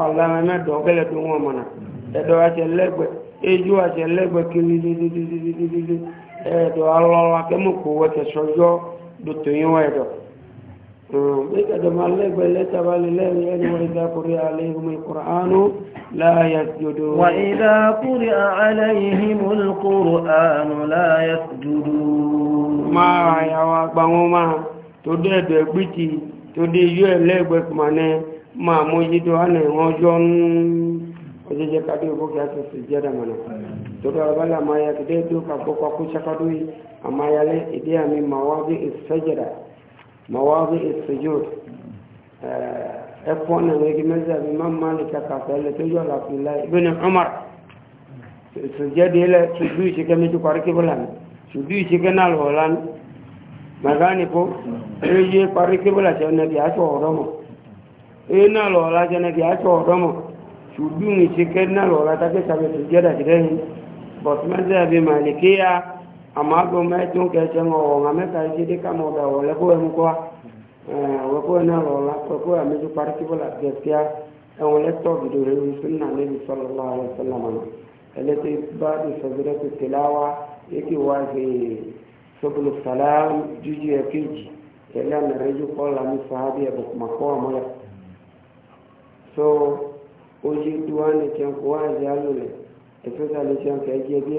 ọ̀la mẹ́mẹ́ dọ̀gẹ́lẹ̀ tó wọ́n mọ̀nà ẹ̀dọ̀ àṣẹ lẹ́gbẹ̀ ejú àṣẹ lẹ́gbẹ̀ kiri dídídídídídí ẹ̀dọ̀ alọ́lá kẹ́mọ̀kọ̀ wọ́ tẹ̀sọ́jọ́ dòtò yín wọ́ ẹ̀dọ̀ إذا دم الله بلتا بالله وإذا قرئ عليهم القرآن لا يسجدون وإذا قرئ عليهم القرآن لا يسجدون ما يواقبهم ما تودي دبتي تودي يلبك منه ما موجدوا أنا وجون ojeje kadi ko kya to sujada mana to da bala ma ya kide to ka ko ko ku chakadui amaya le ide ami mawadi is sajada مواضع السجود أكون ويجي مذهب إمام مالك كفل تجول عبد الله بن عمر سجد إلى سجود شكمي تقارك بلان سجود شكنا الولان magani ko eyi parike bula se ne biya to romo e na lo la se ne biya to romo sudun ni se ke na lo la ta ke sabe sujada dire ni bosman ze abi malikiya ama do me tun ke se ngo nga me ta ji de ka mo da wo le ko em ko eh wo ko na ro la ko ko ami ju par ki bola de tia e wo le to bidu re sunna ne bi sallallahu alaihi wasallam na ele te ba di sabira ku tilawa yake wa fi subul salam juju ya kiji ele na reju ko la mi sahabi ya ko mako mo ya so oji duwa ne ken ko wa ya lo le e so ta le chen ke je bi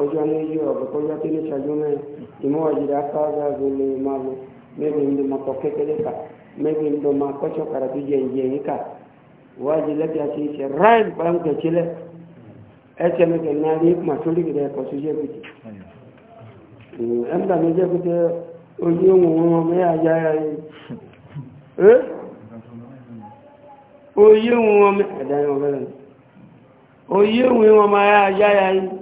ọjọ́ méjì ọ̀bẹ̀ kọjá tí ní ṣàjú mẹ́rin ìmọ̀ ọ̀jìdá fáwọn àgbèlè máa lọ mẹ́rin ní ma kọ kékeré kà mẹ́rin ní ma kọ́ṣọ́ kàrà tó jẹ ìjẹ yìí kà wájú lẹ́kì àti ìṣe ráìn pàǹkẹ̀ sílẹ̀ ẹsẹ̀ mi kẹ̀ náà rí mà sórí kìlẹ̀ ẹ̀kọ́ sí jẹ́ kùtì. ẹ̀ńdà mi jẹ́ kùtì ojú òun wọn mẹ́ àyà yìí. oyé òun wọn mẹ́ àdáyé wọn fẹ́ràn oyé òun wọn mẹ́ àyà yìí.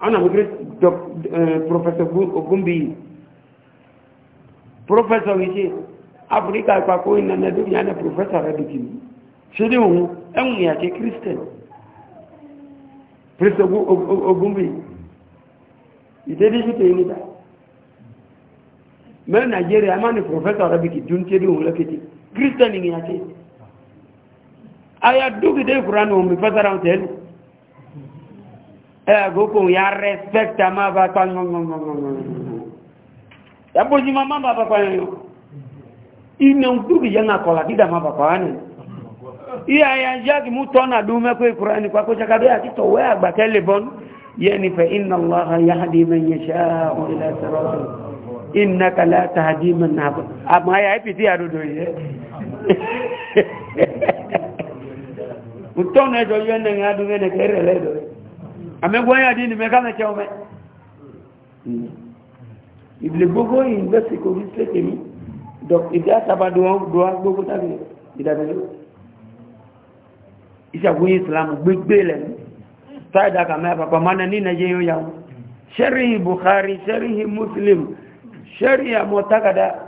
ana mo greet eh, professor ogumbi professor wi se africa pa ko ina na do yana professor radikin se de won en ya ke christian professor ogumbi ide de jite ni da me nigeria ma ni professor radikin dun te de won lekete christian ni ya ke aya dugi de qur'an o mi fasara on goko ya respect ma ba kwa ya boji mama ba ba kwa yo ina mtubi yana kola kida ma ba kwa ni iya ya jagi mutona dume kwa Qur'ani kwa kocha kabia kito we agba kele bon yani fa inna Allah yahdi man yasha'u ila siratin innaka la tahdi man hab ama ya ipiti adodo ye mutona jo yende ngadu ne kere le do amegwa ya dini mekana chaume ibile gbogbo invest ko bi se kemi donc ibi ataba do wa do wa gbogbo tabi idabele isa islam gbegbe le taida kama papa mana ni na jeyo bukhari sharhi muslim sharhi mutakada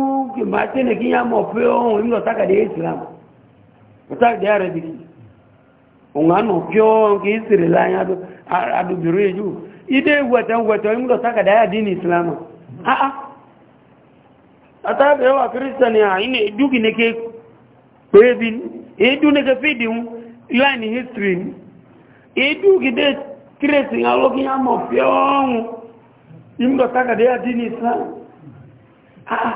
kí máa tí ní kí yá mọ̀ pé ohun ìlọ tákàdé islam tákàdé arabic òun àánú kí ó kí ìsìrì láyé adùbìrú èjú ìdé ìwẹ̀tẹ̀ ìwẹ̀tẹ̀ ìlọ tákàdé àdí ní islam ah ah àtàbẹ̀wà kírísítẹ̀nì àìní ìdúkì ní ké pé bí ìdú ní ké fìdí ń láìní history ìdúkì dé kírèsì alókíyá mọ̀ pé ohun ìlọ tákàdé àdí ní islam ah ah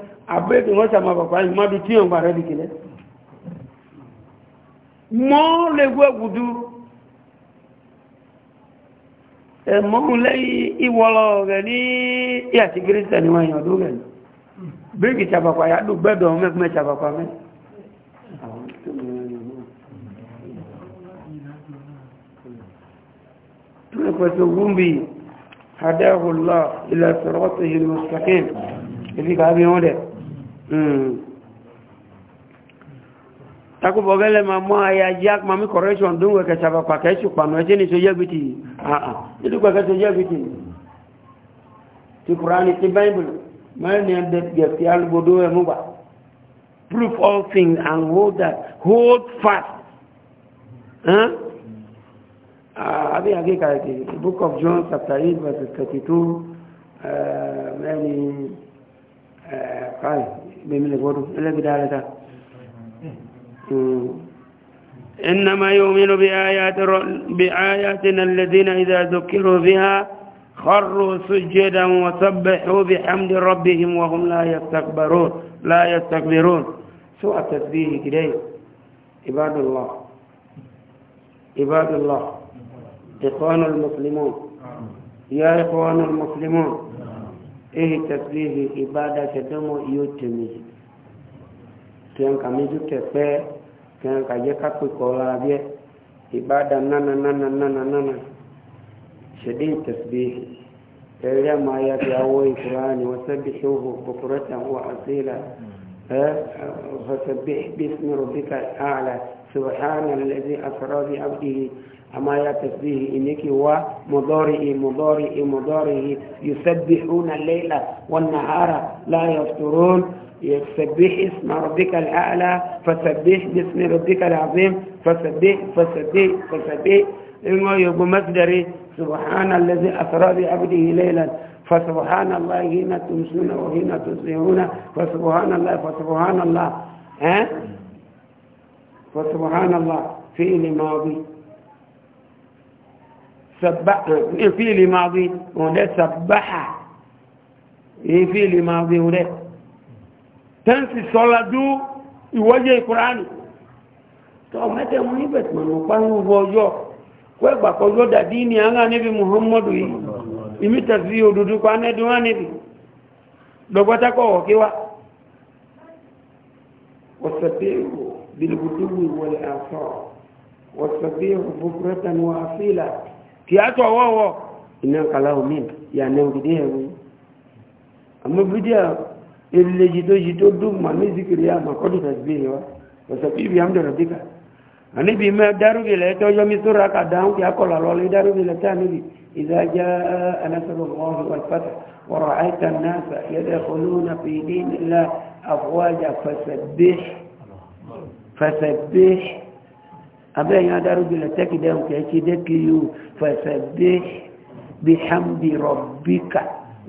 abeki ŋo sama papa yi ma du tiɲɛ ŋo are di kele mɔ le wo gudu ɛmɔ lɛ iwɔlɔ gɛ ni yasi kristiani wa yɔ du gɛ ni biriki tsapapa ya du gbɛdɔ mɛ kumɛ tsapapa mɛ. فتوبون به هداه الله إلى صراطه المستقيم اللي قابل هنا Mm. taku bogele mamwa ya jack mami correction dungwe ke chaba kwa kechu kwa mweje ni soje biti a a itu kwa kechu soje biti ti qur'ani ti bible man ni ande ge ti al bodo e muba prove all things and hold that hold fast huh ah abi age ka ti book of john chapter 8 verse 32 uh many uh kai بمن غورو الا بدالتا انما يؤمن بايات باياتنا الذين اذا ذكروا بها خروا سجدا وسبحوا بحمد ربهم وهم لا يستكبرون لا يستكبرون سوء تسبيح كده عباد الله عباد الله إخوان المسلمون يا إخوان المسلمون ehi tasbihi ibada sedemo yote miji kianka miju tepe kianka jeka kukolabye ibada nana nana nana nana shedi tasbihi elia maya ya woi qur'ani wasabbihuhu bukratan wa asila فسبح باسم ربك subhana alladhi asra bi abdihi أما يا تسبيه إنك هو مضارئ مضارئ مضارئ يسبحون الليل والنهار لا يفترون يسبح اسم ربك الأعلى فسبح باسم ربك العظيم فسبح فسبح فسبح إما يقول مصدري سبحان الذي أسرى بعبده ليلا فسبحان الله هنا تمسون وهنا تصيحون فسبحان الله فسبحان الله ها فسبحان الله في ماضي fíìlì máa bí ọ̀dẹ́ sàbáhà èyí fíìlì máa bí ọ̀dẹ́ tẹ́ǹsì sọ́lájú ìwọ́jẹ́ ìkùránì tó mẹ́tẹ̀ mú níbẹ̀ tí mọ̀nà pàánù ọjọ́ kwẹ́gbàkọjọ́ dàdí ní ara níbi muhammadu yìí imítà sí òdúdú pa nẹ́dúnwá níbi lọ́gbọ́tákọ̀wọ̀ kíwá wọ́sẹ̀tẹ́wò bilgudu wọlé àfọ́ wọ́sẹ̀tẹ́wò bukúrẹ́tàn wọ́n afílà kì á tọ̀ wọ́wọ́ iná kàlá omi ìyànà òkìdí ẹ̀rù àmọ́ fídíà ilé jìtó jìtó dùn mà ní zikiri àmà kọ́dù tàbí wa ọ̀sẹ̀ pí ibi àmì dọ̀rọ̀ díkà àníbi mẹ́ dárúgì lẹ́ tó yọmí sóra kà dáhùn kí á kọ̀lọ̀ lọ́lé dárúgì lẹ́ tẹ́ àníbi ìdájá anásọ̀rọ̀ ọ̀hún wàlfàtà wọ̀rọ̀ àìkà náà yẹ́dẹ̀ olóòna fi dé nílá àfọwájà abẹ́yìn adárúgì lẹ́ tẹ́kì dẹ́hùn dẹ́kì yóò فسبح بحمد ربك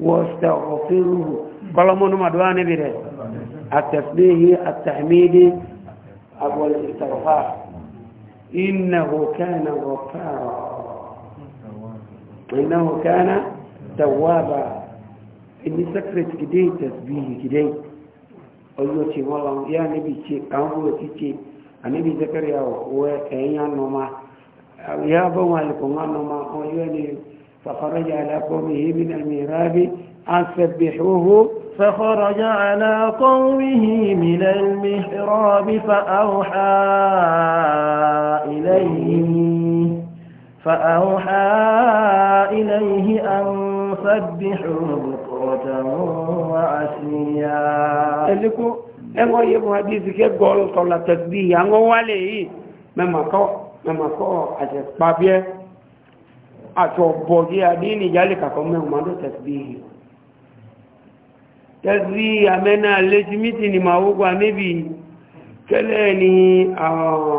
واستغفره قال من ما دوان التسبيح التحميد أبو الاستغفار إنه كان غفارا إنه كان توابا إن سكرت كده تسبيح كده ọjọ́ أيوة، والله يا نبي شيء níbi tí àwọn òtítì àníbi zẹ́kẹ̀rẹ́ ọ̀wẹ́ ẹ̀yàn nọ́mà يا مالك لكم ما أولي فخرج على قومه من الميراب أن سبحوه فخرج على قومه من المحراب فأوحى إليه فأوحى إليه أن سبحوا بكرة وعشيا اللي أنا يبغى حديث كي قول تسبيح أنا ولي مما قول namakɔ ase kpabiɛ atsɔ bɔdzi adiini yali kakɔ mɛ o ma do tɛsibihi tɛsibihi amɛna letimiti ni ma wogo amebi kɛlɛ ni ɔɔ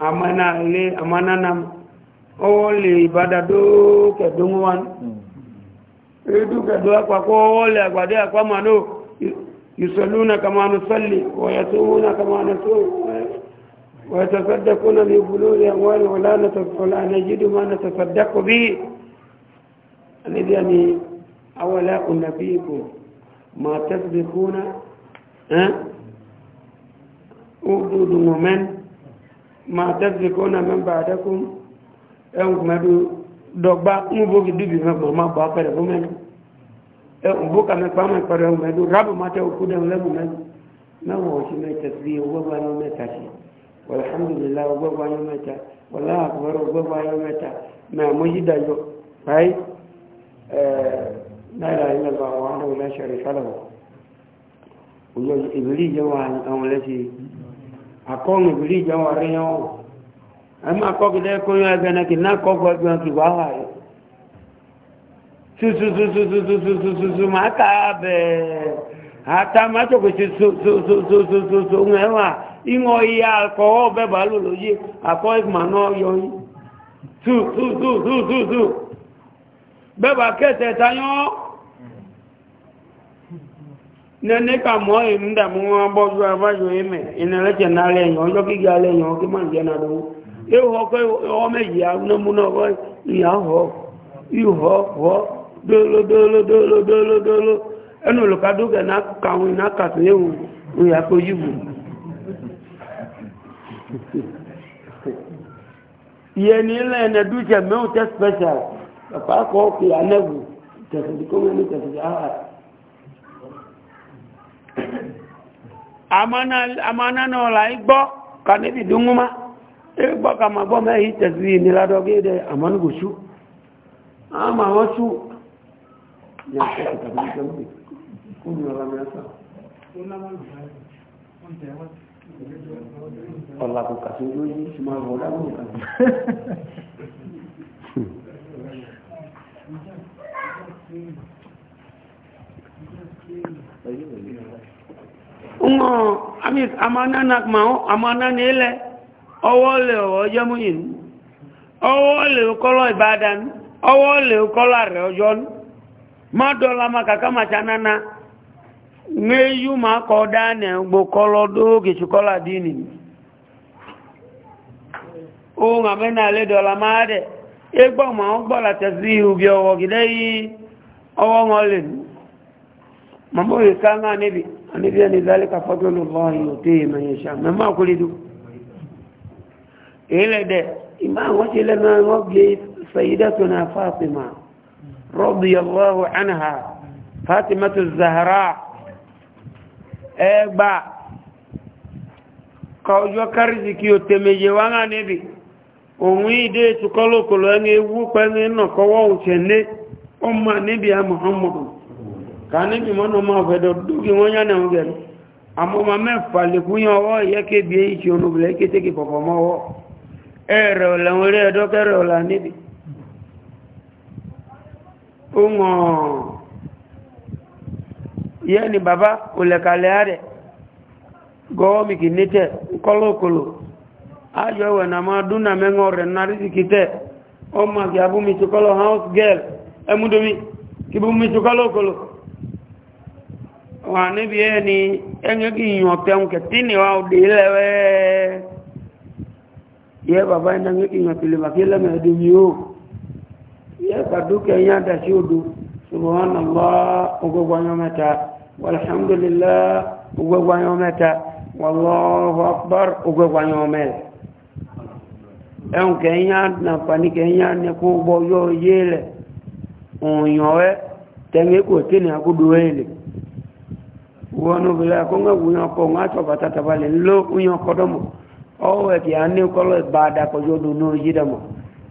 amɛna le amananam ɔwɔ le ibada do kɛdoŋo edu kɛdo akpa kɔ ɔwɔ le agbadɛ akpa ma kama nusɔli wɔyɛtumuna kama nusɔli. ويتصدقون ببلوغ أموال ولا ولا نجد ما نتصدق به الذي يعني أولا أنبيكم ما تسبقون أغدود ممن ما تسبقون من بعدكم أنكم أدو dọ̀gbá ń bókì dìbì mẹ́kàn máa bọ̀ apẹ̀rẹ̀ fún mẹ́rin ẹ̀hùn bókà mẹ́kàn máa pẹ̀rẹ̀ ọmọ ẹ̀dùn rábù máa tẹ́ òkú dẹ̀hùn lẹ́bùn mẹ́rin mẹ́wọ̀n òṣìṣẹ́ tẹ̀sí owó bá ní mẹ́ta ṣe walhamdulillah gbogbo ayé mẹ́ta wọlá àkùbọ̀rọ̀ gbogbo ayé mẹ́ta máa mú yí dájọ́ báyìí náírà ilẹ̀ bá wà ní ọ̀lẹ́ ṣẹ̀rẹ̀ fálọ̀wọ̀ ìbílí ìjẹun àwọn lẹ́sẹ̀ akọ́n ìbílí ìjẹun àríyàn wọn ẹ máa kọ́ kí lẹ́kọ́ yóò ẹgbẹ́ náà kì náà kọ́ fọ́ ẹgbẹ́ kì wá wà yìí sususususususususu máa kà á bẹ̀ẹ́ àtàmájòkè susususususu ń ìwọ̀n iye àkọ́wọ́ ọ̀bẹ́ bàálù lóyè àkọ́ ìgbìmọ̀ náà yọ yí tùtùtùtùtù bẹ́bà kẹsẹ̀ tayọ́ nẹ́nẹ́kà mọ́ ìmúdàmú wọn bọ́jú abájú ẹ̀mẹ̀ ìnẹ̀lẹ́kẹ̀ náà lẹ́yìn ọjọ́ gíga yẹni ilẹ̀ ẹ̀nà dúkìá mẹ́wọ̀n tẹ́ special pàpà kọ́ pé anẹ́wù tẹ̀sìdì kó mẹ́ni tẹ̀sìdì áhà àmọ́nà náà là ń gbọ́ ka níbi dúnmúmá ẹ gbọ́ ka máa gbọ́ mẹ́yìí tẹ̀sìdì ìnìládọ́ gédé àmọ́nùgò sú àmọ́ àwọn sú ní ọ̀sẹ̀ ìtàkùn ìtàkùn ìtàkùn ìtàkùn ìtàkùn ìtàkùn ìtàkùn ọ̀la kò kà sí olóyún tí máa rọ̀ lábọ̀ nǹkan ńgọ́ àmì amánánàkùnmá amánánilẹ̀ ọwọ́ le ọwọ́ jẹ́mú yìí le lè kọ́lọ̀ ìbádàn le lè kọ́lọ̀ rẹ̀ ọjọ́ má dọ́la ma kàkà màtánánà meyu ma ka ọ daa na gbokọlọ oge chukọla ohun àmẹ́nàlẹ́ dọ̀la máa dẹ̀ égbọ́ ma ń gbọ́la ihe ubi ọwọ́ gidẹ́ yìí ọwọ́ wọn lè nù mọ̀mọ́ yìí ká náà níbi níbi dị na fatima fatima zahara ẹgbà kọjọ́ kárìsì kí o tèmèyè wá náà níbi òun ìdé ìtukọ́lòkòlò ẹni ewu pẹ́ni nàkọwọ́ òṣèlé ọmọ níbi àmọ̀hánmọ̀hàn ká níbi mọ́nà máa fẹ́dọ̀ dúkì wọ́n yá náà gẹ̀rẹ́ àmọ́mà mẹ́fà lèkúnyàn ọwọ́ ìyẹ́kébí yẹ́ ni bàbá olẹ̀kàlẹ̀ ààrẹ̀ gọ́ọ̀mì kì ní tẹ̀ kọ́lọ́kọ́lọ́ ayọ́ ẹ̀wẹ̀ na máa dúnà mẹ́ngọ́ rẹ̀ náà rísìkì tẹ̀ ọmọ kì abú mi tukọ́lọ́ house girl ẹmúdomi kì bú mi tukọ́lọ́kọ́lọ́ wà níbi ẹ̀ ni yàn tẹ̀hún kẹtí ni wà òde lẹ́wẹ́ yẹ́ bàbá iná yẹ́ kì yàn tẹ̀lé bàkí lẹ́mẹ̀ẹ́dùn mi ó yẹ́ kàdúkẹ́ yẹ́ àdàsí والحمد لله uwe يومتا والله أكبر وغوا يومل ẹun kẹyàn nàfàní kẹyàn ní kó gbọ́ yóò yé lẹ̀ òyàn ẹ́ tẹ́gbẹ́ kò tí ní àkúdò ẹ̀lẹ̀ wọnú bílẹ̀ akọ́gbẹ̀wò yàn kọ́ wọ́n àtọ̀ bàtàtàbà lè ló yàn kọ́dọ̀mọ̀ ọwọ́ ẹ̀kì à ní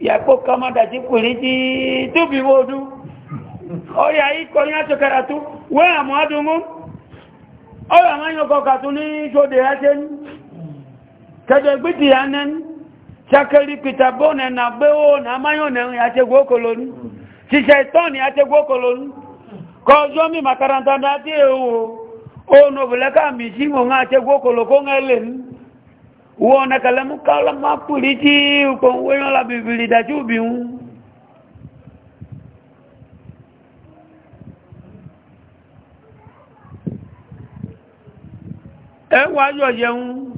yàgbó kan má dàjí pèrè jí tóbi wódú orí ayé kọrin àtọkẹrà tó wé àmọ́ adúmú ọ̀rọ̀ àwọn èèyàn kọkà tó ní ṣòdè ẹ́ṣẹ́ ní kẹjọ gbìtì anẹ́ni ṣakẹ́lì bone na gbéwó na amáyànnẹ̀rin àtẹgbó kòlónú ṣiṣẹ́ ìtọ́ni uona kalamu kala mapuliti uko wena la bibili da chubi un e wa yo yeun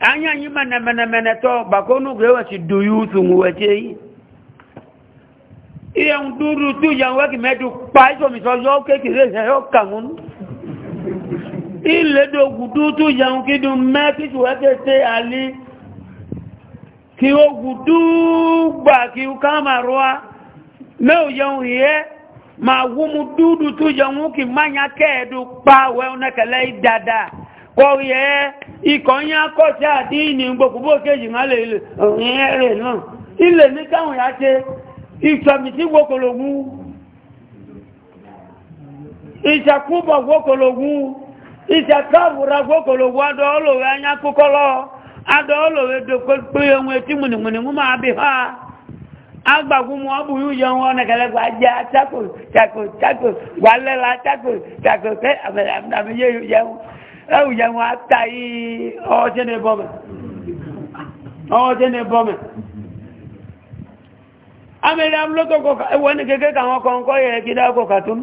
anya nyi mana mana mana to bakonu grewa si do yusu ngwete iye ń dúró tó yàn wákì mẹ́tò pa ìṣòmìṣọ́ yọ́ kékeré ìṣẹ́ yọ́ kàmúnú iledo gudutu yaun kidu mẹ́tí ṣùgbẹ́kẹ́tẹ́ alí kí ó gudu gbà kí ó ká máa rọ́ mẹ́ ò yaun yẹ́ ma wumu dúdú tó yaun kí máyá kẹ́ẹ̀dù pa wẹ́unẹ́kẹ̀lẹ́ ìdàdà kọ́ yẹ́ ikọ̀ yá kọ́ sí àdínì gbogbo kéjì má lè rẹ̀ náà ilẹ̀ ní káwọn yá ṣe ìtọ̀mìtì wọ́kọ̀lọ̀gún ìṣàkúbọ̀ wọ́kọ̀lọ̀gún isetabụragwokolowo adolowe anya kụkọlọ adolowe dokpokpoye nwe ti mụnimụnimụ ma bi ha agbagwo e m ọ bụghị ụjọ nwa ọ na-ekele gwaja chako chako chako gwalela chako chako ke abịye na na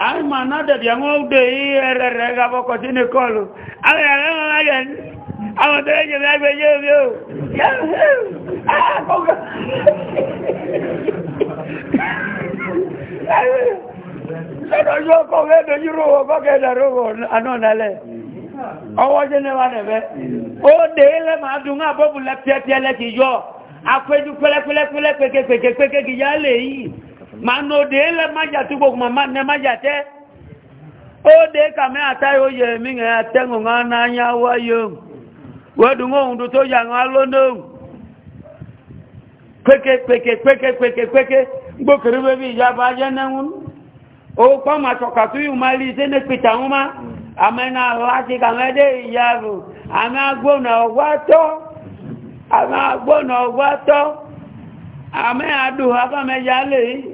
ayi ma na dẹ̀bi àwọn ọdẹ yìí ẹrẹ rẹ gabọ kọtí ní kọlù àwọn ẹrẹ wọn máa yẹ ní àwọn tó yẹ jẹbi ẹgbẹ yẹ omi o sọ́dọ̀ yóò kọ́ fẹ́ dojú rówó kọ́kẹ́ ìdàrówó anọ́nalẹ̀ ọwọ́ jẹ́ níwá nẹ̀fẹ́ ó dé lẹ́ máa dùn náà bọ́bù lẹ́pẹ́ẹ́pẹ́ lẹ́kì yọ afẹ́jú pẹ́lẹ́pẹ́lẹ́pẹ́lẹ́ pẹ́kẹ́pẹ́kẹ́ kìí yá lè yìí ma na ode ele maja tukpo ma ne maja te ode ka me ata yo ye mi nge ate ngo nga na anya wa yo wedu ngo no kweke bi na o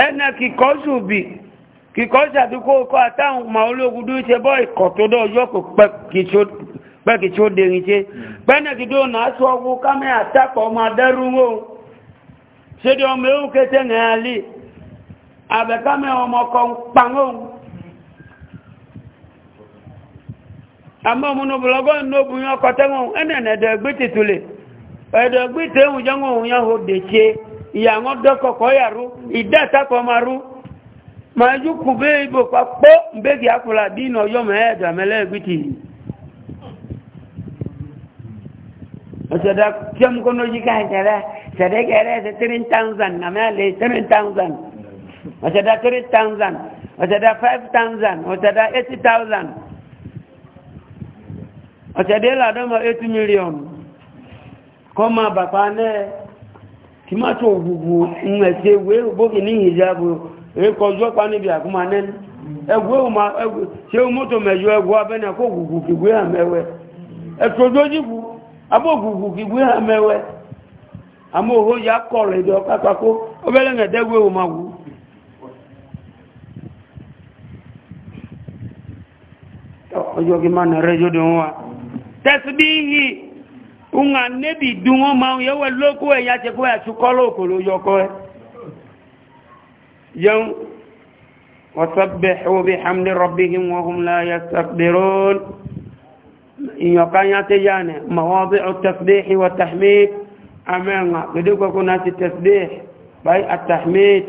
ẹnà kìkọ́sù kikọsụ kìkọ́sù àdúgbò ọkọ̀ àtàwọn ọmọ ológun dúró ṣe bọ ikọ̀ tó dọ̀ yọ kò pẹ́kì tí ó dẹ̀rin ṣe pẹ́nà kìdó náà sọ ọgbọ́ kámẹ́ àtàkọ̀ ọmọ ọmọ ewu kété nàálì àbẹ̀kámẹ́ ọmọ kan pàrọ̀n àmọ́ ọmọ ọkọ̀ tẹ́wọ̀n tẹ́wọ̀n ìyàwó dọ́kọ̀kọ́ yàrú ìdẹ́takọ̀ marú ma yúkù bí ibò papọ̀ mbẹ́gì akùlà dínà ọjọ́ mẹ́ẹ̀dà mẹ́lẹ́gbìtì ọ̀sọ̀dá tí ó mú kọ́nà yíká ìjẹ́rẹ́ ṣẹ̀dẹ́gẹ̀rẹ́ ṣe 3,000 na mẹ́lẹ̀ 3,000 five 3,000 ọ̀sọ̀dá eighty thousand, 80,000 ọ̀sọ̀dá ìlàdọ́mọ̀ 8 million kọ́ máa bàbá náà tomato gbugbu nweta egwu n'ihi ya bụ ekọjọ kwa n'ebi agụmanen egwu moto mejọ egwu abena kwa ogwugwu kigwe ha mewe etojojigwu ha mewe ama oho ya kọrọ ịdị ọkakpako obere nweta ewu na unga nebi dungo ma yewe loko ya che ko ya chukolo ko lo yoko yau wasabbihu bihamdi rabbihim wa hum la yastakbirun yokanya te yane mawadi'u tasbih wa tahmid amanga kidogo kuna si tasbih bai at-tahmid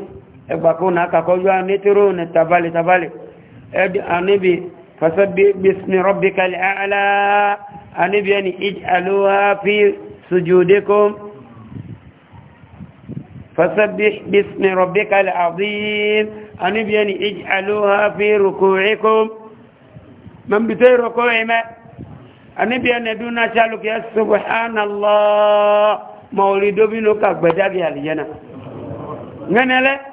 egba kuna ka ko yo nitro ne tabali tabali ed anibi fasabbih bismi rabbikal a'la anibi ani ij'aluha fi sujudikum fasabbih bismi rabbikal azim anibi ani ij'aluha fi ruku'ikum man bitay ruku'i ma anibi ani duna chaluk ya subhanallah mawlidu binu ka gbadagi aljana nganele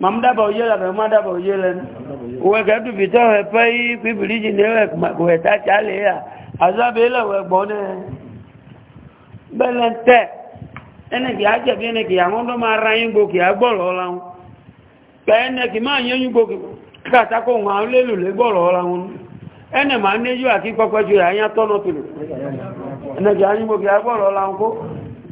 ma m daba oye la ma daba oye uwe ka etu bita ohe pe yi ji na ewe uwe ta cha le ya azaba ile uwe gbo ne bele nte ene ki aje bi ene ki awon ma ra yin gbo ki agboro la hun pe ene ki ma yen yin gbo ki kata ko wa le le gboro la ene ma aki ya yan tono ene ki ayin ki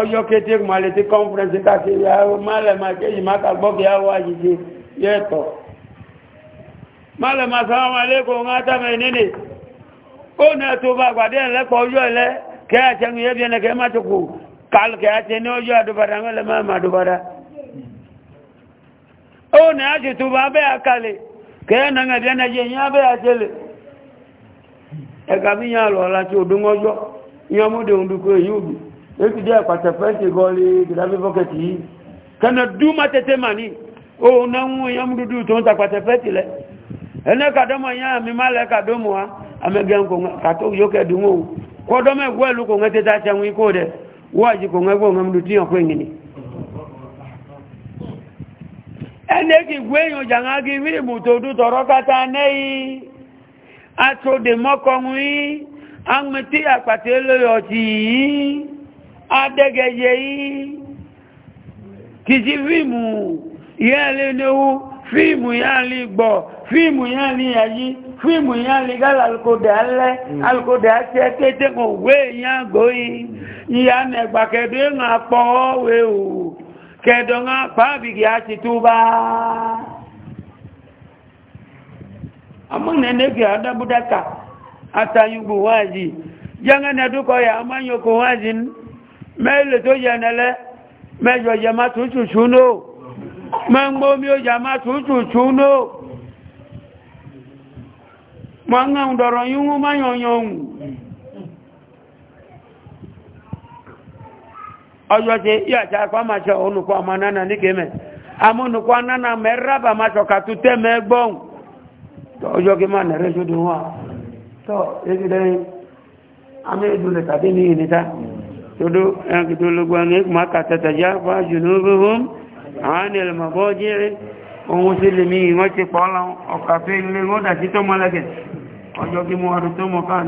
ọjọ́ kété malẹ̀tí conference káàkiri àwọn málẹ̀má kéyì má ka gbọ́kì àwọ àjíjẹ yẹ́tọ̀ málẹ̀má sáwọn alẹ́kọ̀ọ́ ń átàmẹ̀ nínú ó ní ẹ̀tọ́ bá gbàdé ẹ̀lẹ́pọ̀ ọjọ́ ẹ̀lẹ́ kẹ́ àtẹnu yẹ́bí ẹ̀nà kẹ́ má ti kù kálùkẹ́ àti ní ọjọ́ àdúbàdà mẹ́lẹ̀ má má àdúbàdà ó ní àṣètò bá bẹ́ àkàlẹ̀ kẹ́ ẹ̀nà ẹ̀bí ẹ̀nà eki dia kwa tafeti goli kidabi poketi kana duma tetemani o na mu ya mdudu to nta kwa tafeti le ene kadomo ya mi male kadomo wa amegen yoke dumo ko do me gwelu ko ngete ta chanwi ko de waji ko ene ki gweyo janga gi mi mu to du toro kata nei ato de moko ngwi ang meti apate lo yo adẹ́gẹ̀yẹ yìí kì sí fíìmù ìyá lè níwú fíìmù ìyá lè gbọ̀ fíìmù ìyá lè yàyí fíìmù ìyá lè gálà alùkòdà alẹ́ alùkòdà tí ẹ kéte kò wé ìyá gòyí ìyá nẹ̀gbà kẹ̀dọ́ ìrìn àpọ̀ ọ̀wẹ̀ ò kẹ̀dọ̀ ń pàbìkì ní mẹ́lẹ̀ tó yẹ nẹlẹ́ mẹ́jọ yẹ má tún ṣùṣù nó mẹ́ngbó mi ó yà má tún ṣùṣù nó mọ́ ń dọ̀rọ̀ yíwú má ma ọjọ́ àti máa ṣe olùkọ́ ọmọ náà ní kéèmẹ̀ amúnukọ́ náà mẹ́rábà máa ṣọ̀kà tó tẹ́ mẹ́gbọ́n tọ́ todo yankitu lugwane maka tatajafa junubuhum anil maboji'i ohun sí lè mi wọ́n ti pọ́lá ọkàfẹ́ ilé wọ́n dàtí tó mọ́lẹ́gẹ̀ ọjọ́ kí mú ọdún tó mọ́ káà